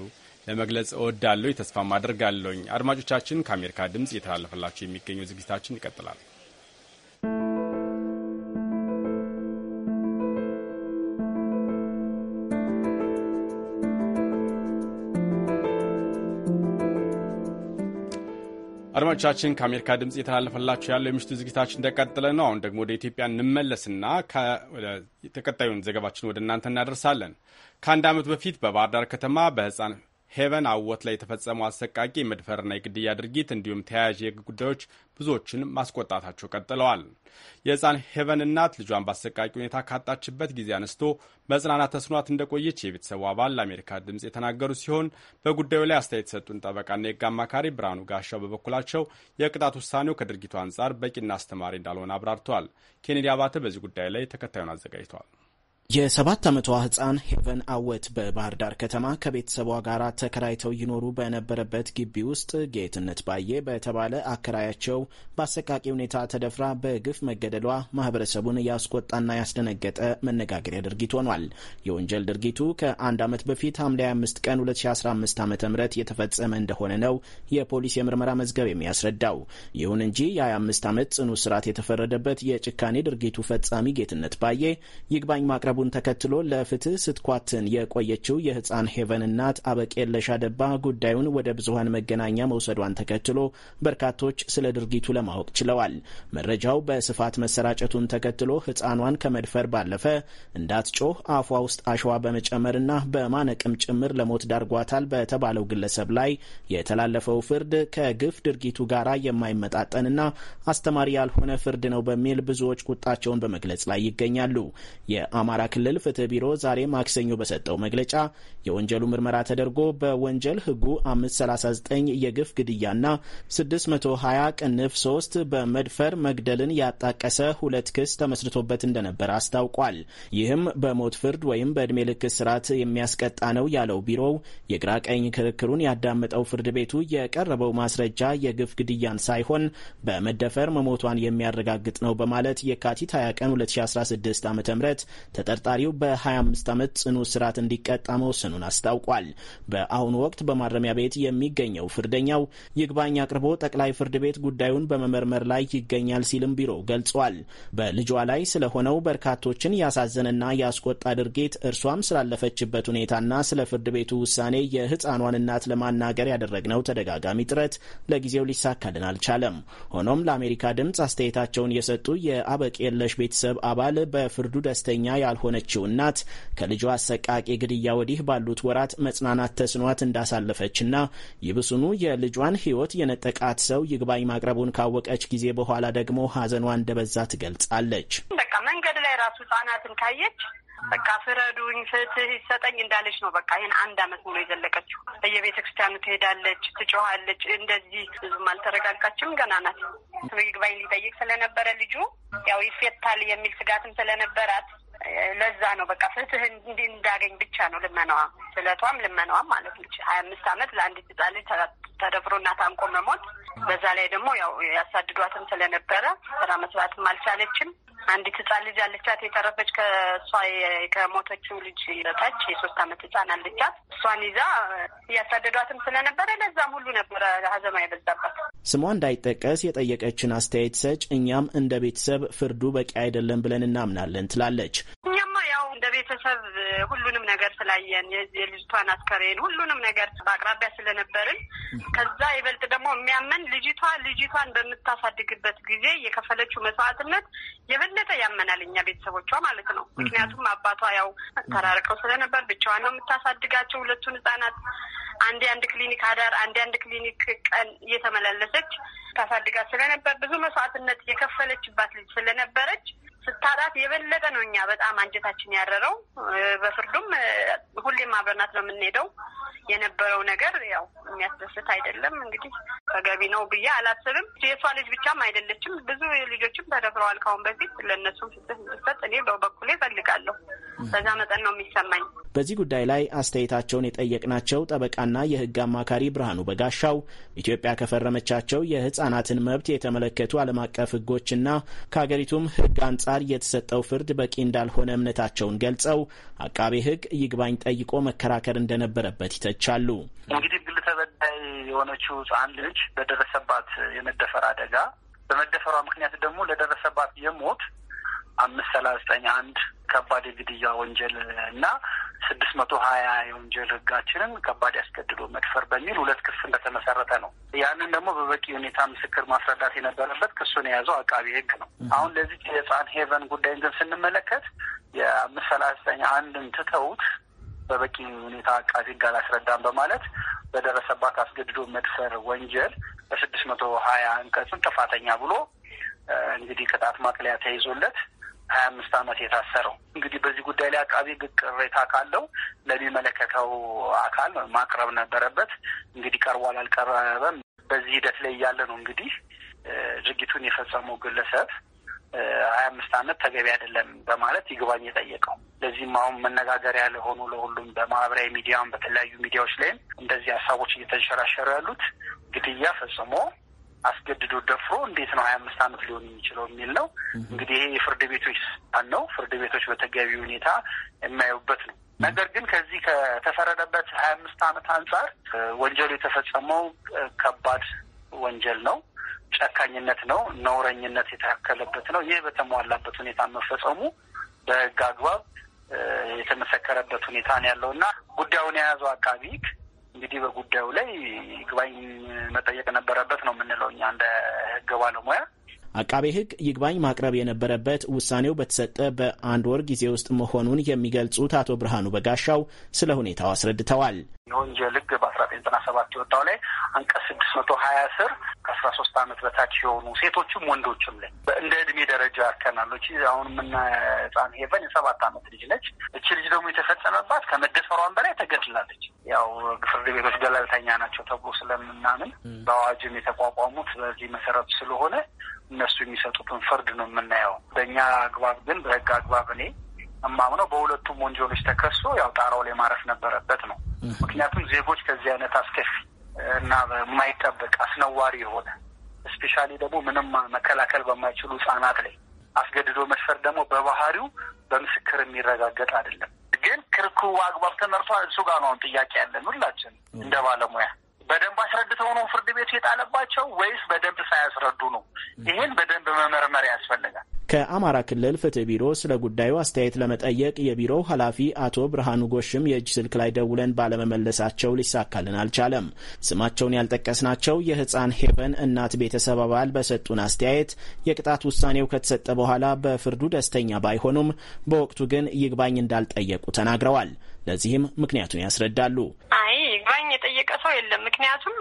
ለመግለጽ እወዳለሁ። ተስፋም አድርጋለሁኝ። አድማጮቻችን ከአሜሪካ ድምጽ እየተላለፈላቸው የሚገኘው ዝግጅታችን ይቀጥላል። አድማጮቻችን ከአሜሪካ ድምፅ እየተላለፈላችሁ ያለው የምሽቱ ዝግጅታችን እንደቀጠለ ነው። አሁን ደግሞ ወደ ኢትዮጵያ እንመለስና ተቀጣዩን ዘገባችን ወደ እናንተ እናደርሳለን። ከአንድ ዓመት በፊት በባህር ዳር ከተማ በህፃን ሄቨን አወት ላይ የተፈጸመው አሰቃቂ መድፈርና የግድያ ድርጊት እንዲሁም ተያያዥ የህግ ጉዳዮች ብዙዎችን ማስቆጣታቸው ቀጥለዋል። የህፃን ሄቨን እናት ልጇን በአሰቃቂ ሁኔታ ካጣችበት ጊዜ አንስቶ መጽናናት ተስኗት እንደቆየች የቤተሰቡ አባል ለአሜሪካ ድምፅ የተናገሩ ሲሆን በጉዳዩ ላይ አስተያየት የሰጡን ጠበቃና የህግ አማካሪ ብርሃኑ ጋሻው በበኩላቸው የቅጣት ውሳኔው ከድርጊቱ አንጻር በቂና አስተማሪ እንዳልሆነ አብራርተዋል። ኬኔዲ አባተ በዚህ ጉዳይ ላይ ተከታዩን አዘጋጅተዋል። የሰባት ዓመቷ ህፃን ሄቨን አወት በባህር ዳር ከተማ ከቤተሰቧ ጋር ተከራይተው ይኖሩ በነበረበት ግቢ ውስጥ ጌትነት ባየ በተባለ አከራያቸው በአሰቃቂ ሁኔታ ተደፍራ በግፍ መገደሏ ማህበረሰቡን ያስቆጣና ያስደነገጠ መነጋገሪያ ድርጊት ሆኗል። የወንጀል ድርጊቱ ከአንድ ዓመት በፊት ሐምሌ 25 ቀን 2015 ዓ ም የተፈጸመ እንደሆነ ነው የፖሊስ የምርመራ መዝገብ የሚያስረዳው። ይሁን እንጂ የ25 ዓመት ጽኑ እስራት የተፈረደበት የጭካኔ ድርጊቱ ፈጻሚ ጌትነት ባየ ይግባኝ ማቅረብ መረከቡን ተከትሎ ለፍትህ ስትኳትን የቆየችው የህፃን ሄቨን እናት አበቄለሽ አደባ ጉዳዩን ወደ ብዙሀን መገናኛ መውሰዷን ተከትሎ በርካቶች ስለ ድርጊቱ ለማወቅ ችለዋል። መረጃው በስፋት መሰራጨቱን ተከትሎ ህፃኗን ከመድፈር ባለፈ እንዳትጮህ አፏ ውስጥ አሸዋ በመጨመርና በማነቅም ጭምር ለሞት ዳርጓታል በተባለው ግለሰብ ላይ የተላለፈው ፍርድ ከግፍ ድርጊቱ ጋር የማይመጣጠንና አስተማሪ ያልሆነ ፍርድ ነው በሚል ብዙዎች ቁጣቸውን በመግለጽ ላይ ይገኛሉ። የአማራ ክልል ፍትህ ቢሮ ዛሬ ማክሰኞ በሰጠው መግለጫ የወንጀሉ ምርመራ ተደርጎ በወንጀል ህጉ 539 የግፍ ግድያና 620 ቅንፍ 3 በመድፈር መግደልን ያጣቀሰ ሁለት ክስ ተመስርቶበት እንደነበር አስታውቋል። ይህም በሞት ፍርድ ወይም በዕድሜ ልክ እስራት የሚያስቀጣ ነው ያለው ቢሮው የግራ ቀኝ ክርክሩን ያዳመጠው ፍርድ ቤቱ የቀረበው ማስረጃ የግፍ ግድያን ሳይሆን በመደፈር መሞቷን የሚያረጋግጥ ነው በማለት የካቲት 20 ቀን 2016 ዓ ም ተጠርጣሪው በ25 ዓመት ጽኑ እስራት እንዲቀጣ መወሰኑን አስታውቋል። በአሁኑ ወቅት በማረሚያ ቤት የሚገኘው ፍርደኛው ይግባኝ አቅርቦ ጠቅላይ ፍርድ ቤት ጉዳዩን በመመርመር ላይ ይገኛል ሲልም ቢሮው ገልጿል። በልጇ ላይ ስለሆነው በርካቶችን ያሳዘነና ያስቆጣ ድርጊት እርሷም ስላለፈችበት ሁኔታና ስለ ፍርድ ቤቱ ውሳኔ የህፃኗን እናት ለማናገር ያደረግነው ተደጋጋሚ ጥረት ለጊዜው ሊሳካልን አልቻለም። ሆኖም ለአሜሪካ ድምፅ አስተያየታቸውን የሰጡ የአበቅ የለሽ ቤተሰብ አባል በፍርዱ ደስተኛ ያልሆ የሆነችው እናት ከልጇ አሰቃቂ ግድያ ወዲህ ባሉት ወራት መጽናናት ተስኗት እንዳሳለፈችና ይብሱኑ የልጇን ሕይወት የነጠቃት ሰው ይግባኝ ማቅረቡን ካወቀች ጊዜ በኋላ ደግሞ ሐዘኗ እንደበዛ ትገልጻለች። በቃ መንገድ ላይ ራሱ ህጻናትን ካየች በቃ ፍረዱኝ፣ ፍትህ ይሰጠኝ እንዳለች ነው። በቃ ይህን አንድ አመት ሙሉ የዘለቀችው በየቤተ ክርስቲያኑ ትሄዳለች፣ ትጮኋለች። እንደዚህ ብዙም አልተረጋጋችም፣ ገና ናት። ይግባኝ ሊጠይቅ ስለነበረ ልጁ ያው ይፌታል የሚል ስጋትም ስለነበራት ለዛ ነው በቃ ፍትህ እንዲ እንዳገኝ ብቻ ነው ልመናዋ፣ ስለቷም ልመናዋም ማለት ነች። ሀያ አምስት አመት ለአንዲት ህጻን ልጅ እና ታንቆ መሞት፣ በዛ ላይ ደግሞ ያው ያሳድዷትም ስለነበረ ስራ መስራትም አልቻለችም። አንዲት ህጻን ልጅ አለቻት የተረፈች ከእሷ ከሞተችው ልጅ በታች የሶስት አመት ህጻን አለቻት። እሷን ይዛ እያሳደዷትም ስለነበረ ለዛም ሁሉ ነበረ ሀዘማ የበዛባት። ስሟ እንዳይጠቀስ የጠየቀችን አስተያየት ሰጭ እኛም እንደ ቤተሰብ ፍርዱ በቂ አይደለም ብለን እናምናለን ትላለች። እንደ ቤተሰብ ሁሉንም ነገር ስላየን የልጅቷን አስከሬን ሁሉንም ነገር በአቅራቢያ ስለነበርን ከዛ ይበልጥ ደግሞ የሚያመን ልጅቷ ልጅቷን በምታሳድግበት ጊዜ የከፈለችው መስዋዕትነት የበለጠ ያመናል እኛ ቤተሰቦቿ ማለት ነው። ምክንያቱም አባቷ ያው ተራርቀው ስለነበር ብቻዋን ነው የምታሳድጋቸው ሁለቱን ህጻናት አንድ አንድ ክሊኒክ አዳር አንድ አንድ ክሊኒክ ቀን እየተመላለሰች ታሳድጋት ስለነበር ብዙ መስዋዕትነት የከፈለችባት ልጅ ስለነበረች ስታጣት የበለጠ ነው እኛ በጣም አንጀታችን ያረረው። በፍርዱም ሁሌም አብረናት ነው የምንሄደው። የነበረው ነገር ያው የሚያስደስት አይደለም። እንግዲህ ተገቢ ነው ብዬ አላስብም። የእሷ ልጅ ብቻም አይደለችም፣ ብዙ ልጆችም ተደፍረዋል ካሁን በፊት። ለእነሱም ፍትህ እንድሰጥ እኔ በበኩሌ እፈልጋለሁ። በዛ መጠን ነው የሚሰማኝ። በዚህ ጉዳይ ላይ አስተያየታቸውን የጠየቅናቸው ጠበቃና የህግ አማካሪ ብርሃኑ በጋሻው ኢትዮጵያ ከፈረመቻቸው የህጻናትን መብት የተመለከቱ ዓለም አቀፍ ህጎችና ከሀገሪቱም ህግ አንጻር አንጻር የተሰጠው ፍርድ በቂ እንዳልሆነ እምነታቸውን ገልጸው አቃቤ ሕግ ይግባኝ ጠይቆ መከራከር እንደነበረበት ይተቻሉ። እንግዲህ ግል ተበዳይ የሆነችው ህጻን ልጅ በደረሰባት የመደፈር አደጋ በመደፈሯ ምክንያት ደግሞ ለደረሰባት የሞት አምስት ሰላሳ ዘጠኝ አንድ ከባድ የግድያ ወንጀል እና ስድስት መቶ ሀያ የወንጀል ህጋችንን ከባድ ያስገድዶ መድፈር በሚል ሁለት ክስ እንደተመሰረተ ነው። ያንን ደግሞ በበቂ ሁኔታ ምስክር ማስረዳት የነበረበት ክሱን የያዘው አቃቢ ህግ ነው። አሁን ለዚህ የህፃን ሄቨን ጉዳይን ግን ስንመለከት የአምስት ሰላሳ ዘጠኝ አንድን ትተውት በበቂ ሁኔታ አቃቢ ህግ አላስረዳም በማለት በደረሰባት አስገድዶ መድፈር ወንጀል በስድስት መቶ ሀያ አንቀጹን ጥፋተኛ ብሎ እንግዲህ ቅጣት ማቅለያ ተይዞለት ሀያ አምስት ዓመት የታሰረው። እንግዲህ በዚህ ጉዳይ ላይ አቃቢ ሕግ ቅሬታ ካለው ለሚመለከተው አካል ማቅረብ ነበረበት። እንግዲህ ቀርቧል አልቀረበም፣ በዚህ ሂደት ላይ እያለ ነው እንግዲህ ድርጊቱን የፈጸመው ግለሰብ ሀያ አምስት ዓመት ተገቢ አይደለም በማለት ይግባኝ የጠየቀው። ለዚህም አሁን መነጋገሪያ ለሆኑ ለሁሉም በማህበራዊ ሚዲያም በተለያዩ ሚዲያዎች ላይም እንደዚህ ሀሳቦች እየተንሸራሸሩ ያሉት ግድያ ፈጽሞ አስገድዶ ደፍሮ እንዴት ነው ሀያ አምስት አመት ሊሆን የሚችለው የሚል ነው። እንግዲህ ይሄ የፍርድ ቤቶች ስልጣን ነው። ፍርድ ቤቶች በተገቢ ሁኔታ የሚያዩበት ነው። ነገር ግን ከዚህ ከተፈረደበት ሀያ አምስት ዓመት አንጻር ወንጀሉ የተፈጸመው ከባድ ወንጀል ነው። ጨካኝነት ነው። ነውረኝነት የተካከለበት ነው። ይህ በተሟላበት ሁኔታ መፈጸሙ በህግ አግባብ የተመሰከረበት ሁኔታ ነው ያለው እና ጉዳዩን የያዘው አቃቢ ህግ እንግዲህ በጉዳዩ ላይ ይግባኝ መጠየቅ ነበረበት ነው የምንለው እኛ እንደ ህግ ባለሙያ አቃቤ ሕግ ይግባኝ ማቅረብ የነበረበት ውሳኔው በተሰጠ በአንድ ወር ጊዜ ውስጥ መሆኑን የሚገልጹት አቶ ብርሃኑ በጋሻው ስለ ሁኔታው አስረድተዋል። የወንጀል ሕግ በአስራ ዘጠኝ ዘጠና ሰባት የወጣው ላይ አንቀጽ ስድስት መቶ ሀያ ስር ከአስራ ሶስት ዓመት በታች የሆኑ ሴቶችም ወንዶችም ላይ እንደ እድሜ ደረጃ ያከናሎች አሁን የምና ህጻን ሄቨን የሰባት ዓመት ልጅ ነች። እቺ ልጅ ደግሞ የተፈጸመባት ከመደፈሯን በላይ ተገድላለች። ያው ፍርድ ቤቶች ገለልተኛ ናቸው ተብሎ ስለምናምን በአዋጅም የተቋቋሙት በዚህ መሰረቱ ስለሆነ እነሱ የሚሰጡትን ፍርድ ነው የምናየው። በእኛ አግባብ ግን በህግ አግባብ እኔ እማምነው በሁለቱም ወንጀሎች ተከሶ ያው ጣራው ላይ ማረፍ ነበረበት ነው። ምክንያቱም ዜጎች ከዚህ አይነት አስከፊ እና የማይጠበቅ አስነዋሪ የሆነ እስፔሻሊ ደግሞ ምንም መከላከል በማይችሉ ህጻናት ላይ አስገድዶ መድፈር ደግሞ በባህሪው በምስክር የሚረጋገጥ አይደለም። ግን ክርክሩ አግባብ ተመርቷል። እሱ ጋር ነው አሁን ጥያቄ ያለን ሁላችን እንደ ባለሙያ በደንብ አስረድተው ነው ፍርድ ቤቱ የጣለባቸው ወይስ በደንብ ሳያስረዱ ነው? ይህን በደንብ መመርመር ያስፈልጋል። ከአማራ ክልል ፍትህ ቢሮ ስለ ጉዳዩ አስተያየት ለመጠየቅ የቢሮው ኃላፊ አቶ ብርሃኑ ጎሽም የእጅ ስልክ ላይ ደውለን ባለመመለሳቸው ሊሳካልን አልቻለም። ስማቸውን ያልጠቀስናቸው የህፃን ሄቨን እናት ቤተሰብ አባል በሰጡን አስተያየት የቅጣት ውሳኔው ከተሰጠ በኋላ በፍርዱ ደስተኛ ባይሆኑም በወቅቱ ግን ይግባኝ እንዳልጠየቁ ተናግረዋል። ለዚህም ምክንያቱን ያስረዳሉ። አይ ይግባኝ የጠየቀ ሰው የለም። ምክንያቱም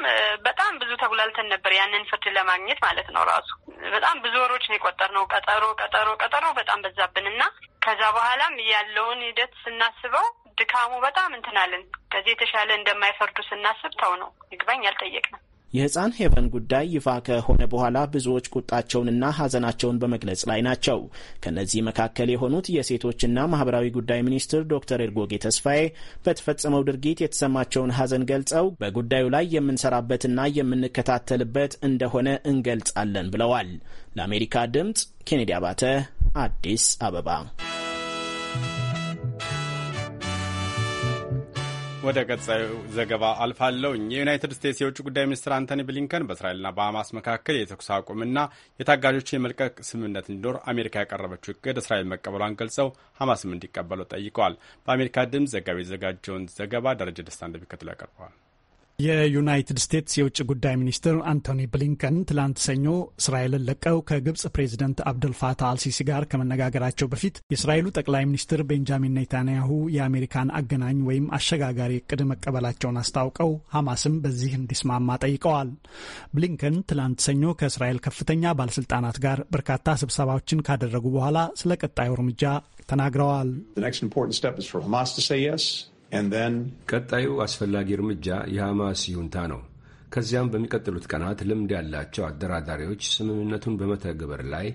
በጣም ብዙ ተጉላልተን ነበር ያንን ፍርድ ለማግኘት ማለት ነው። ራሱ በጣም ብዙ ወሮች ነው የቆጠርነው። ቀጠሮ ቀጠሮ ቀጠሮ በጣም በዛብን እና ከዛ በኋላም ያለውን ሂደት ስናስበው ድካሙ በጣም እንትናለን። ከዚህ የተሻለ እንደማይፈርዱ ስናስብ ተው ነው ይግባኝ ያልጠየቅነው። የህፃን ሄቨን ጉዳይ ይፋ ከሆነ በኋላ ብዙዎች ቁጣቸውንና ሀዘናቸውን በመግለጽ ላይ ናቸው። ከእነዚህ መካከል የሆኑት የሴቶችና ማህበራዊ ጉዳይ ሚኒስትር ዶክተር ኤርጎጌ ተስፋዬ በተፈጸመው ድርጊት የተሰማቸውን ሀዘን ገልጸው በጉዳዩ ላይ የምንሰራበትና የምንከታተልበት እንደሆነ እንገልጻለን ብለዋል። ለአሜሪካ ድምፅ ኬኔዲ አባተ አዲስ አበባ ወደ ቀጣዩ ዘገባ አልፋለሁ። የዩናይትድ ስቴትስ የውጭ ጉዳይ ሚኒስትር አንቶኒ ብሊንከን በእስራኤልና በሐማስ መካከል የተኩስ አቁምና የታጋጆችን የመልቀቅ ስምምነት እንዲኖር አሜሪካ ያቀረበችው እቅድ እስራኤል መቀበሏን ገልጸው ሐማስም እንዲቀበለው ጠይቀዋል። በአሜሪካ ድምፅ ዘጋቢ የተዘጋጀውን ዘገባ ደረጀ ደስታ እንደሚከተለው ያቀርበዋል። የዩናይትድ ስቴትስ የውጭ ጉዳይ ሚኒስትር አንቶኒ ብሊንከን ትላንት ሰኞ እስራኤልን ለቀው ከግብፅ ፕሬዚደንት አብደልፋታ አልሲሲ ጋር ከመነጋገራቸው በፊት የእስራኤሉ ጠቅላይ ሚኒስትር ቤንጃሚን ኔታንያሁ የአሜሪካን አገናኝ ወይም አሸጋጋሪ እቅድ መቀበላቸውን አስታውቀው ሐማስም በዚህ እንዲስማማ ጠይቀዋል። ብሊንከን ትላንት ሰኞ ከእስራኤል ከፍተኛ ባለስልጣናት ጋር በርካታ ስብሰባዎችን ካደረጉ በኋላ ስለ ቀጣዩ እርምጃ ተናግረዋል። ቀጣዩ አስፈላጊ እርምጃ የሐማስ ይሁንታ ነው። ከዚያም በሚቀጥሉት ቀናት ልምድ ያላቸው አደራዳሪዎች ስምምነቱን በመተግበር ላይ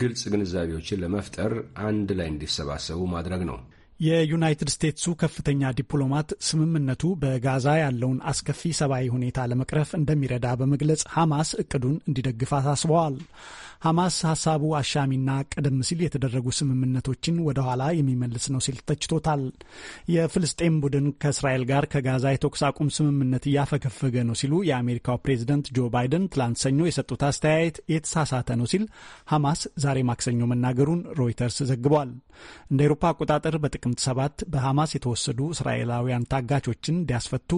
ግልጽ ግንዛቤዎችን ለመፍጠር አንድ ላይ እንዲሰባሰቡ ማድረግ ነው። የዩናይትድ ስቴትሱ ከፍተኛ ዲፕሎማት ስምምነቱ በጋዛ ያለውን አስከፊ ሰብአዊ ሁኔታ ለመቅረፍ እንደሚረዳ በመግለጽ ሐማስ እቅዱን እንዲደግፍ አሳስበዋል። ሐማስ ሐሳቡ አሻሚና ቀደም ሲል የተደረጉ ስምምነቶችን ወደ ኋላ የሚመልስ ነው ሲል ተችቶታል። የፍልስጤም ቡድን ከእስራኤል ጋር ከጋዛ የተኩስ አቁም ስምምነት እያፈገፈገ ነው ሲሉ የአሜሪካው ፕሬዝደንት ጆ ባይደን ትላንት ሰኞ የሰጡት አስተያየት የተሳሳተ ነው ሲል ሐማስ ዛሬ ማክሰኞ መናገሩን ሮይተርስ ዘግቧል። እንደ ኤሮፓ አቆጣጠር በጥቅምት ሰባት በሐማስ የተወሰዱ እስራኤላውያን ታጋቾችን እንዲያስፈቱ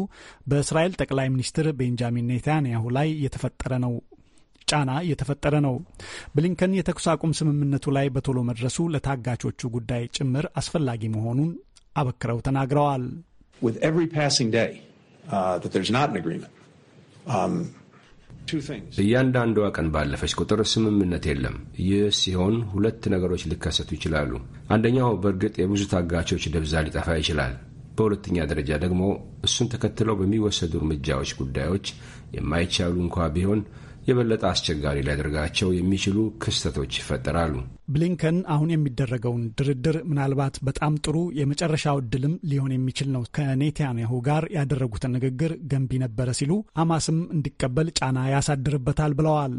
በእስራኤል ጠቅላይ ሚኒስትር ቤንጃሚን ኔታንያሁ ላይ የተፈጠረ ነው ጫና እየተፈጠረ ነው። ብሊንከን የተኩስ አቁም ስምምነቱ ላይ በቶሎ መድረሱ ለታጋቾቹ ጉዳይ ጭምር አስፈላጊ መሆኑን አበክረው ተናግረዋል። uh, um, እያንዳንዷ ቀን ባለፈች ቁጥር ስምምነት የለም። ይህ ሲሆን ሁለት ነገሮች ሊከሰቱ ይችላሉ። አንደኛው በእርግጥ የብዙ ታጋቾች ደብዛ ሊጠፋ ይችላል። በሁለተኛ ደረጃ ደግሞ እሱን ተከትለው በሚወሰዱ እርምጃዎች ጉዳዮች የማይቻሉ እንኳ ቢሆን የበለጠ አስቸጋሪ ሊያደርጋቸው የሚችሉ ክስተቶች ይፈጠራሉ። ብሊንከን አሁን የሚደረገውን ድርድር ምናልባት በጣም ጥሩ የመጨረሻው እድልም ሊሆን የሚችል ነው፣ ከኔታንያሁ ጋር ያደረጉትን ንግግር ገንቢ ነበረ ሲሉ ሐማስም እንዲቀበል ጫና ያሳድርበታል ብለዋል።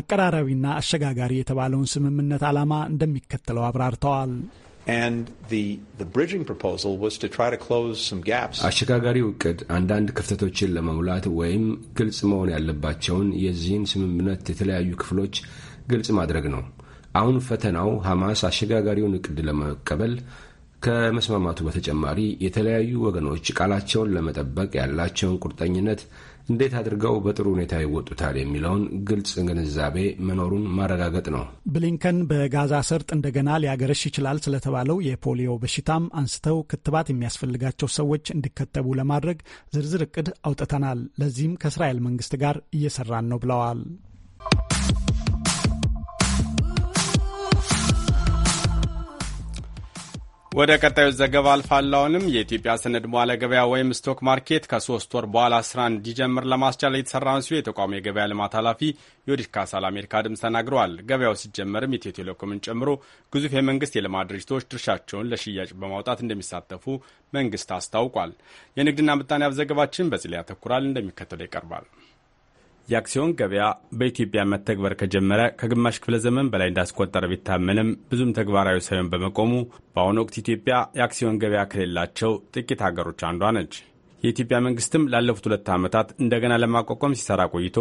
አቀራራቢና አሸጋጋሪ የተባለውን ስምምነት ዓላማ እንደሚከተለው አብራርተዋል። አሸጋጋሪው እቅድ አንዳንድ ክፍተቶችን ለመሙላት ወይም ግልጽ መሆን ያለባቸውን የዚህን ስምምነት የተለያዩ ክፍሎች ግልጽ ማድረግ ነው። አሁን ፈተናው ሐማስ አሸጋጋሪውን እቅድ ለመቀበል ከመስማማቱ በተጨማሪ የተለያዩ ወገኖች ቃላቸውን ለመጠበቅ ያላቸውን ቁርጠኝነት እንዴት አድርገው በጥሩ ሁኔታ ይወጡታል የሚለውን ግልጽ ግንዛቤ መኖሩን ማረጋገጥ ነው። ብሊንከን በጋዛ ሰርጥ እንደገና ሊያገረሽ ይችላል ስለተባለው የፖሊዮ በሽታም አንስተው ክትባት የሚያስፈልጋቸው ሰዎች እንዲከተቡ ለማድረግ ዝርዝር እቅድ አውጥተናል፣ ለዚህም ከእስራኤል መንግስት ጋር እየሰራን ነው ብለዋል። ወደ ቀጣዩ ዘገባ አልፋላውንም የኢትዮጵያ ሰነድ መዋለ ገበያ ወይም ስቶክ ማርኬት ከሶስት ወር በኋላ ስራ እንዲጀምር ለማስቻል የተሰራ ነው ሲሉ የተቋሙ የገበያ ልማት ኃላፊ ዮዲት ካሳ ለአሜሪካ ድምፅ ተናግረዋል። ገበያው ሲጀመርም ኢትዮ ቴሌኮምን ጨምሮ ግዙፍ የመንግስት የልማት ድርጅቶች ድርሻቸውን ለሽያጭ በማውጣት እንደሚሳተፉ መንግስት አስታውቋል። የንግድና ምጣኔ ሀብት ዘገባችን በዚህ ላይ ያተኩራል፣ እንደሚከተለው ይቀርባል። የአክሲዮን ገበያ በኢትዮጵያ መተግበር ከጀመረ ከግማሽ ክፍለ ዘመን በላይ እንዳስቆጠረ ቢታመንም ብዙም ተግባራዊ ሳይሆን በመቆሙ በአሁኑ ወቅት ኢትዮጵያ የአክሲዮን ገበያ ከሌላቸው ጥቂት ሀገሮች አንዷ ነች። የኢትዮጵያ መንግስትም ላለፉት ሁለት ዓመታት እንደገና ለማቋቋም ሲሰራ ቆይቶ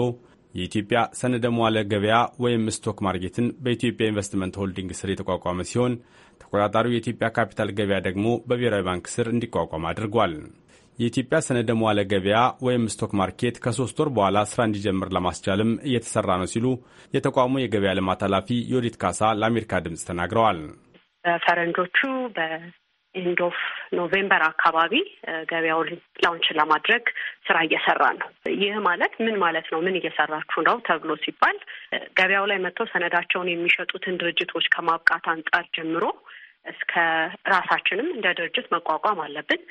የኢትዮጵያ ሰነደ መዋለ ገበያ ወይም ስቶክ ማርኬትን በኢትዮጵያ ኢንቨስትመንት ሆልዲንግ ስር የተቋቋመ ሲሆን ተቆጣጣሪው የኢትዮጵያ ካፒታል ገበያ ደግሞ በብሔራዊ ባንክ ስር እንዲቋቋም አድርጓል። የኢትዮጵያ ሰነደ መዋለ ገበያ ወይም ስቶክ ማርኬት ከሶስት ወር በኋላ ስራ እንዲጀምር ለማስቻልም እየተሰራ ነው ሲሉ የተቋሙ የገበያ ልማት ኃላፊ ዮዲት ካሳ ለአሜሪካ ድምፅ ተናግረዋል። ፈረንጆቹ በኤንድ ኦፍ ኖቬምበር አካባቢ ገበያውን ላውንች ለማድረግ ስራ እየሰራ ነው። ይህ ማለት ምን ማለት ነው? ምን እየሰራችሁ ነው ተብሎ ሲባል ገበያው ላይ መጥተው ሰነዳቸውን የሚሸጡትን ድርጅቶች ከማብቃት አንጻር ጀምሮ እስከ ራሳችንም እንደ ድርጅት መቋቋም አለብን።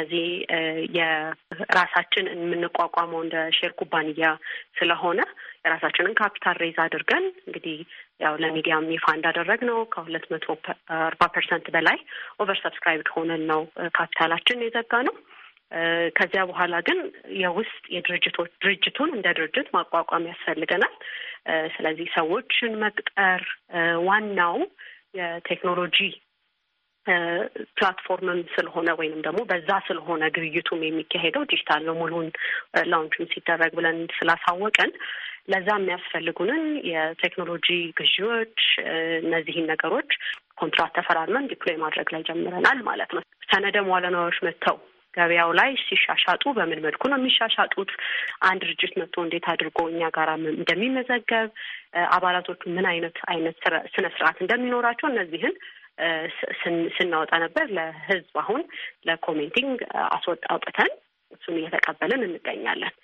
እዚህ የራሳችን የምንቋቋመው እንደ ሼር ኩባንያ ስለሆነ የራሳችንን ካፒታል ሬዝ አድርገን እንግዲህ ያው ለሚዲያም ይፋ ነው ከሁለት መቶ አርባ ፐርሰንት በላይ ኦቨር ሰብስክራይብድ ሆነን ነው ካፒታላችን የዘጋ ነው። ከዚያ በኋላ ግን የውስጥ የድርጅቶች ድርጅቱን እንደ ድርጅት ማቋቋም ያስፈልገናል። ስለዚህ ሰዎችን መቅጠር ዋናው የቴክኖሎጂ ፕላትፎርምም ስለሆነ ወይንም ደግሞ በዛ ስለሆነ ግብይቱም የሚካሄደው ዲጂታል ነው ሙሉን ላውንችም ሲደረግ ብለን ስላሳወቀን ለዛ የሚያስፈልጉንን የቴክኖሎጂ ግዢዎች እነዚህን ነገሮች ኮንትራት ተፈራርመን ዲፕሎይ ማድረግ ላይ ጀምረናል ማለት ነው። ሰነደ መዋዕለ ንዋዮች መጥተው ገበያው ላይ ሲሻሻጡ በምን መልኩ ነው የሚሻሻጡት? አንድ ድርጅት መጥቶ እንዴት አድርጎ እኛ ጋር እንደሚመዘገብ፣ አባላቶቹ ምን አይነት አይነት ስነ ስርዓት እንደሚኖራቸው እነዚህን ስናወጣ ነበር። ለህዝብ አሁን ለኮሜንቲንግ አስወጣ አውጥተን እሱን እየተቀበልን እንገኛለን።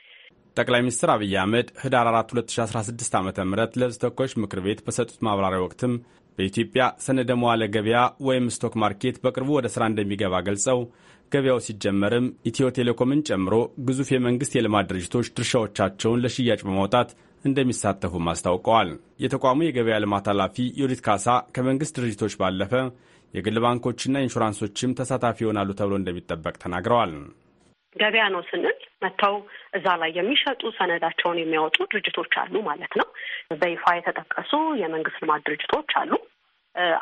ጠቅላይ ሚኒስትር አብይ አህመድ ህዳር 4 2016 ዓ ም ለህዝብ ተወካዮች ምክር ቤት በሰጡት ማብራሪያ ወቅትም በኢትዮጵያ ሰነደ መዋለ ገበያ ወይም ስቶክ ማርኬት በቅርቡ ወደ ሥራ እንደሚገባ ገልጸው ገበያው ሲጀመርም ኢትዮ ቴሌኮምን ጨምሮ ግዙፍ የመንግሥት የልማት ድርጅቶች ድርሻዎቻቸውን ለሽያጭ በማውጣት እንደሚሳተፉም አስታውቀዋል። የተቋሙ የገበያ ልማት ኃላፊ ዮዲት ካሳ ከመንግሥት ድርጅቶች ባለፈ የግል ባንኮችና ኢንሹራንሶችም ተሳታፊ ይሆናሉ ተብሎ እንደሚጠበቅ ተናግረዋል። ገበያ ነው ስንል መጥተው እዛ ላይ የሚሸጡ ሰነዳቸውን የሚያወጡ ድርጅቶች አሉ ማለት ነው። በይፋ የተጠቀሱ የመንግስት ልማት ድርጅቶች አሉ።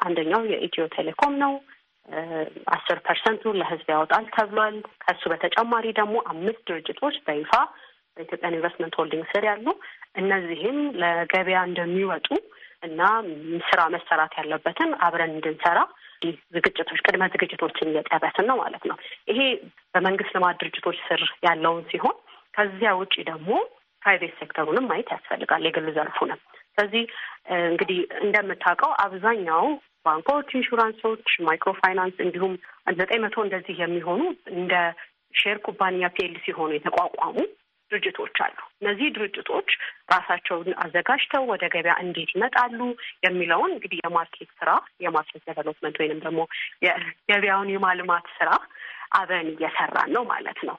አንደኛው የኢትዮ ቴሌኮም ነው። አስር ፐርሰንቱ ለህዝብ ያወጣል ተብሏል። ከሱ በተጨማሪ ደግሞ አምስት ድርጅቶች በይፋ በኢትዮጵያን ኢንቨስትመንት ሆልዲንግ ስር ያሉ እነዚህም ለገበያ እንደሚወጡ እና ስራ መሰራት ያለበትን አብረን እንድንሰራ ዝግጅቶች ቅድመ ዝግጅቶችን እየጠበትን ነው ማለት ነው። ይሄ በመንግስት ልማት ድርጅቶች ስር ያለውን ሲሆን ከዚያ ውጭ ደግሞ ፕራይቬት ሴክተሩንም ማየት ያስፈልጋል፣ የግል ዘርፉንም። ስለዚህ እንግዲህ እንደምታውቀው አብዛኛው ባንኮች፣ ኢንሹራንሶች፣ ማይክሮ ፋይናንስ እንዲሁም ዘጠኝ መቶ እንደዚህ የሚሆኑ እንደ ሼር ኩባንያ ፒኤልሲ ሆኑ የተቋቋሙ ድርጅቶች አሉ። እነዚህ ድርጅቶች ራሳቸውን አዘጋጅተው ወደ ገበያ እንዴት ይመጣሉ የሚለውን እንግዲህ የማርኬት ስራ የማርኬት ዴቨሎፕመንት ወይንም ደግሞ የገበያውን የማልማት ስራ አብረን እየሰራን ነው ማለት ነው።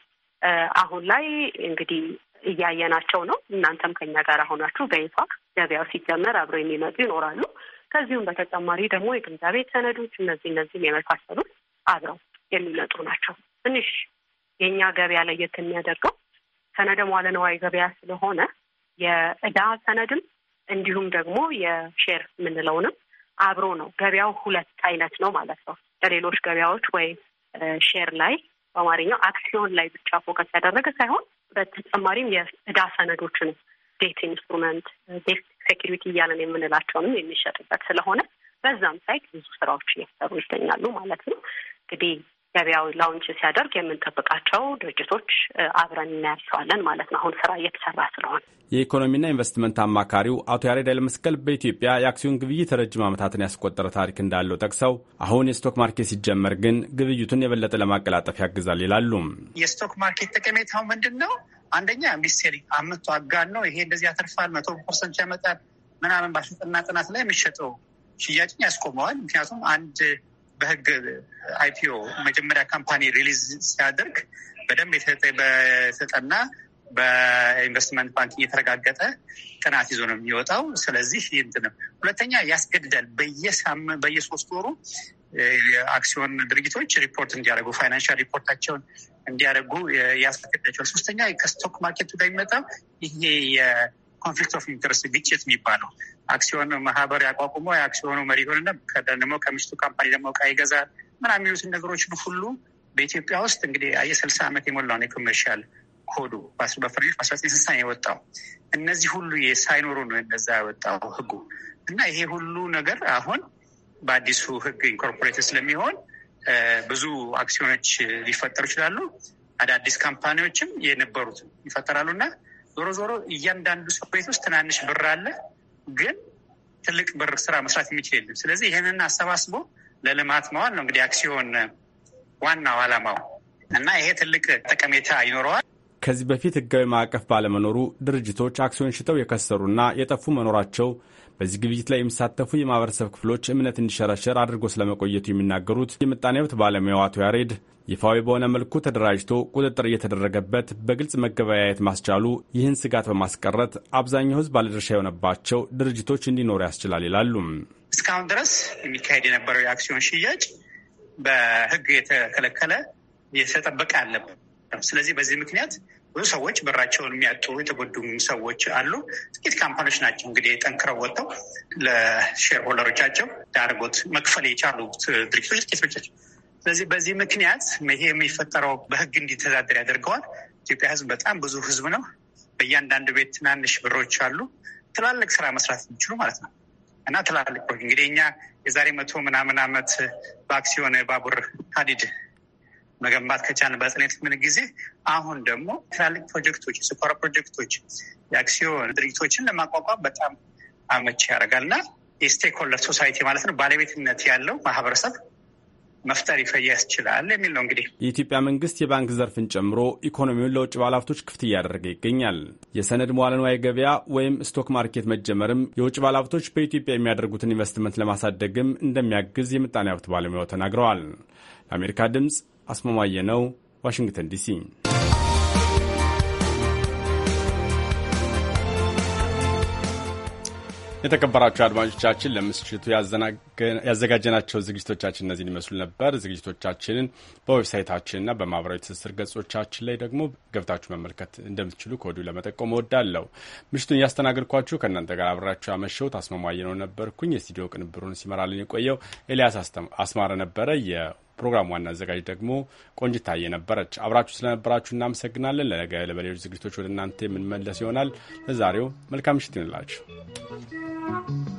አሁን ላይ እንግዲህ እያየናቸው ነው። እናንተም ከኛ ጋር ሆናችሁ በይፋ ገበያው ሲጀመር አብረው የሚመጡ ይኖራሉ። ከዚሁም በተጨማሪ ደግሞ የግምጃ ቤት ሰነዶች፣ እነዚህ እነዚህም የመሳሰሉት አብረው የሚመጡ ናቸው። ትንሽ የእኛ ገበያ ለየት የሚያደርገው ሰነደ መዋለ ነዋይ ገበያ ስለሆነ የዕዳ ሰነድም እንዲሁም ደግሞ የሼር የምንለውንም አብሮ ነው። ገበያው ሁለት አይነት ነው ማለት ነው። ለሌሎች ገበያዎች ወይ ሼር ላይ በአማርኛው አክሲዮን ላይ ብቻ ፎከስ ያደረገ ሳይሆን በተጨማሪም የዕዳ ሰነዶችን ዴት ኢንስትሩመንት፣ ዴት ሴኪሪቲ እያለን የምንላቸውንም የሚሸጥበት ስለሆነ በዛም ሳይት ብዙ ስራዎች እየተሰሩ ይገኛሉ ማለት ነው። እንግዲህ ገበያው ላውንች ሲያደርግ የምንጠብቃቸው ድርጅቶች አብረን እናያቸዋለን ማለት ነው። አሁን ስራ እየተሰራ ስለሆነ የኢኮኖሚና ኢንቨስትመንት አማካሪው አቶ ያሬድ ኃይለመስቀል በኢትዮጵያ የአክሲዮን ግብይት ረጅም ዓመታትን ያስቆጠረ ታሪክ እንዳለው ጠቅሰው አሁን የስቶክ ማርኬት ሲጀመር ግን ግብይቱን የበለጠ ለማቀላጠፍ ያግዛል ይላሉ። የስቶክ ማርኬት ጠቀሜታው ምንድን ነው? አንደኛ ሚስቴሪ አምቶ አጋን ነው። ይሄ እንደዚህ ያተርፋል መቶ ፐርሰንት ያመጣል ምናምን ባሸጥና ጥናት ላይ የሚሸጠው ሽያጭን ያስቆመዋል። ምክንያቱም አንድ በህግ አይፒኦ መጀመሪያ ካምፓኒ ሪሊዝ ሲያደርግ በደንብ በተጠና በኢንቨስትመንት ባንክ እየተረጋገጠ ጥናት ይዞ ነው የሚወጣው። ስለዚህ ነው። ሁለተኛ ያስገድዳል። በየሳም በየሶስት ወሩ የአክሲዮን ድርጅቶች ሪፖርት እንዲያደርጉ ፋይናንሻል ሪፖርታቸውን እንዲያደርጉ ያስገድዳቸዋል። ሶስተኛ ከስቶክ ማርኬቱ ጋር የሚመጣው ይሄ ኮንፍሊክት ኦፍ ኢንተረስት ግጭት የሚባለው አክሲዮን ማህበር ያቋቁሞ የአክሲዮኑ መሪ ሆንና ደግሞ ከምሽቱ ካምፓኒ ደግሞ እቃ ይገዛል ምናምን የሚሉትን ነገሮች ሁሉ በኢትዮጵያ ውስጥ እንግዲህ የስልሳ ዓመት የሞላውን የኮሜርሻል ኮዱ በፍሬ በአስራ ዘጠኝ ስልሳ የወጣው። እነዚህ ሁሉ ሳይኖሩ ነው እነዛ ያወጣው ህጉ እና ይሄ ሁሉ ነገር አሁን በአዲሱ ህግ ኢንኮርፖሬት ስለሚሆን ብዙ አክሲዮኖች ሊፈጠሩ ይችላሉ። አዳዲስ ካምፓኒዎችም የነበሩት ይፈጠራሉ እና ዞሮ ዞሮ እያንዳንዱ ሰው ቤት ውስጥ ትናንሽ ብር አለ፣ ግን ትልቅ ብር ስራ መስራት የሚችል የለም። ስለዚህ ይህንን አሰባስቦ ለልማት መዋል ነው እንግዲህ አክሲዮን ዋናው አላማው እና ይሄ ትልቅ ጠቀሜታ ይኖረዋል። ከዚህ በፊት ህጋዊ ማዕቀፍ ባለመኖሩ ድርጅቶች አክሲዮን ሽተው የከሰሩና የጠፉ መኖራቸው በዚህ ግብይት ላይ የሚሳተፉ የማህበረሰብ ክፍሎች እምነት እንዲሸረሸር አድርጎ ስለመቆየቱ የሚናገሩት የምጣኔ ሀብት ባለሙያው አቶ ያሬድ ይፋዊ በሆነ መልኩ ተደራጅቶ ቁጥጥር እየተደረገበት በግልጽ መገበያየት ማስቻሉ ይህን ስጋት በማስቀረት አብዛኛው ህዝብ ባለድርሻ የሆነባቸው ድርጅቶች እንዲኖሩ ያስችላል ይላሉ። እስካሁን ድረስ የሚካሄድ የነበረው የአክሲዮን ሽያጭ በህግ የተከለከለ የተጠበቀ አለበት። ስለዚህ በዚህ ምክንያት ብዙ ሰዎች በራቸውን የሚያጡ የተጎዱ ሰዎች አሉ። ጥቂት ካምፓኒዎች ናቸው እንግዲህ ጠንክረው ወጥተው ለሼር ሆልደሮቻቸው ዳርጎት መክፈል የቻሉት ድርጅቶች ጥቂቶች ናቸው። ስለዚህ በዚህ ምክንያት ይሄ የሚፈጠረው በህግ እንዲተዳደር ያደርገዋል። ኢትዮጵያ ህዝብ በጣም ብዙ ህዝብ ነው። በእያንዳንዱ ቤት ትናንሽ ብሮች አሉ። ትላልቅ ስራ መስራት የሚችሉ ማለት ነው እና ትላልቅ እንግዲህ እኛ የዛሬ መቶ ምናምን ዓመት በአክሲዮን ባቡር ሀዲድ መገንባት ከቻልን በጽኔት ምን ጊዜ አሁን ደግሞ ትላልቅ ፕሮጀክቶች፣ የስኳር ፕሮጀክቶች፣ የአክሲዮን ድርጅቶችን ለማቋቋም በጣም አመቺ ያደርጋል እና የስቴክሆልደር ሶሳይቲ ማለት ነው ባለቤትነት ያለው ማህበረሰብ መፍጠር ያስችላል የሚል ነው። እንግዲህ የኢትዮጵያ መንግስት የባንክ ዘርፍን ጨምሮ ኢኮኖሚውን ለውጭ ባለሀብቶች ክፍት እያደረገ ይገኛል። የሰነድ መዋለ ንዋይ ገበያ ወይም ስቶክ ማርኬት መጀመርም የውጭ ባለሀብቶች በኢትዮጵያ የሚያደርጉትን ኢንቨስትመንት ለማሳደግም እንደሚያግዝ የምጣኔ ሀብት ባለሙያው ተናግረዋል። ለአሜሪካ ድምፅ አስማማየ ነው፣ ዋሽንግተን ዲሲ። የተከበራችሁ አድማጮቻችን ለምሽቱ ያዘጋጀናቸው ዝግጅቶቻችን እነዚህን ሊመስሉ ነበር። ዝግጅቶቻችንን በዌብሳይታችንና በማህበራዊ ትስስር ገጾቻችን ላይ ደግሞ ገብታችሁ መመልከት እንደምትችሉ ከወዲሁ ለመጠቆም እወዳለሁ። ምሽቱን እያስተናገድኳችሁ ከእናንተ ጋር አብራችሁ ያመሸሁት አስማማየ ነው ነበርኩኝ። የስቱዲዮ ቅንብሩን ሲመራልን የቆየው ኤልያስ አስማረ ነበረ። ፕሮግራም ዋና አዘጋጅ ደግሞ ቆንጅት ታየ ነበረች። አብራችሁ ስለነበራችሁ እናመሰግናለን። ለነገ ለበሌሎች ዝግጅቶች ወደ እናንተ የምንመለስ ይሆናል። ለዛሬው መልካም ምሽት ይሆንላችሁ።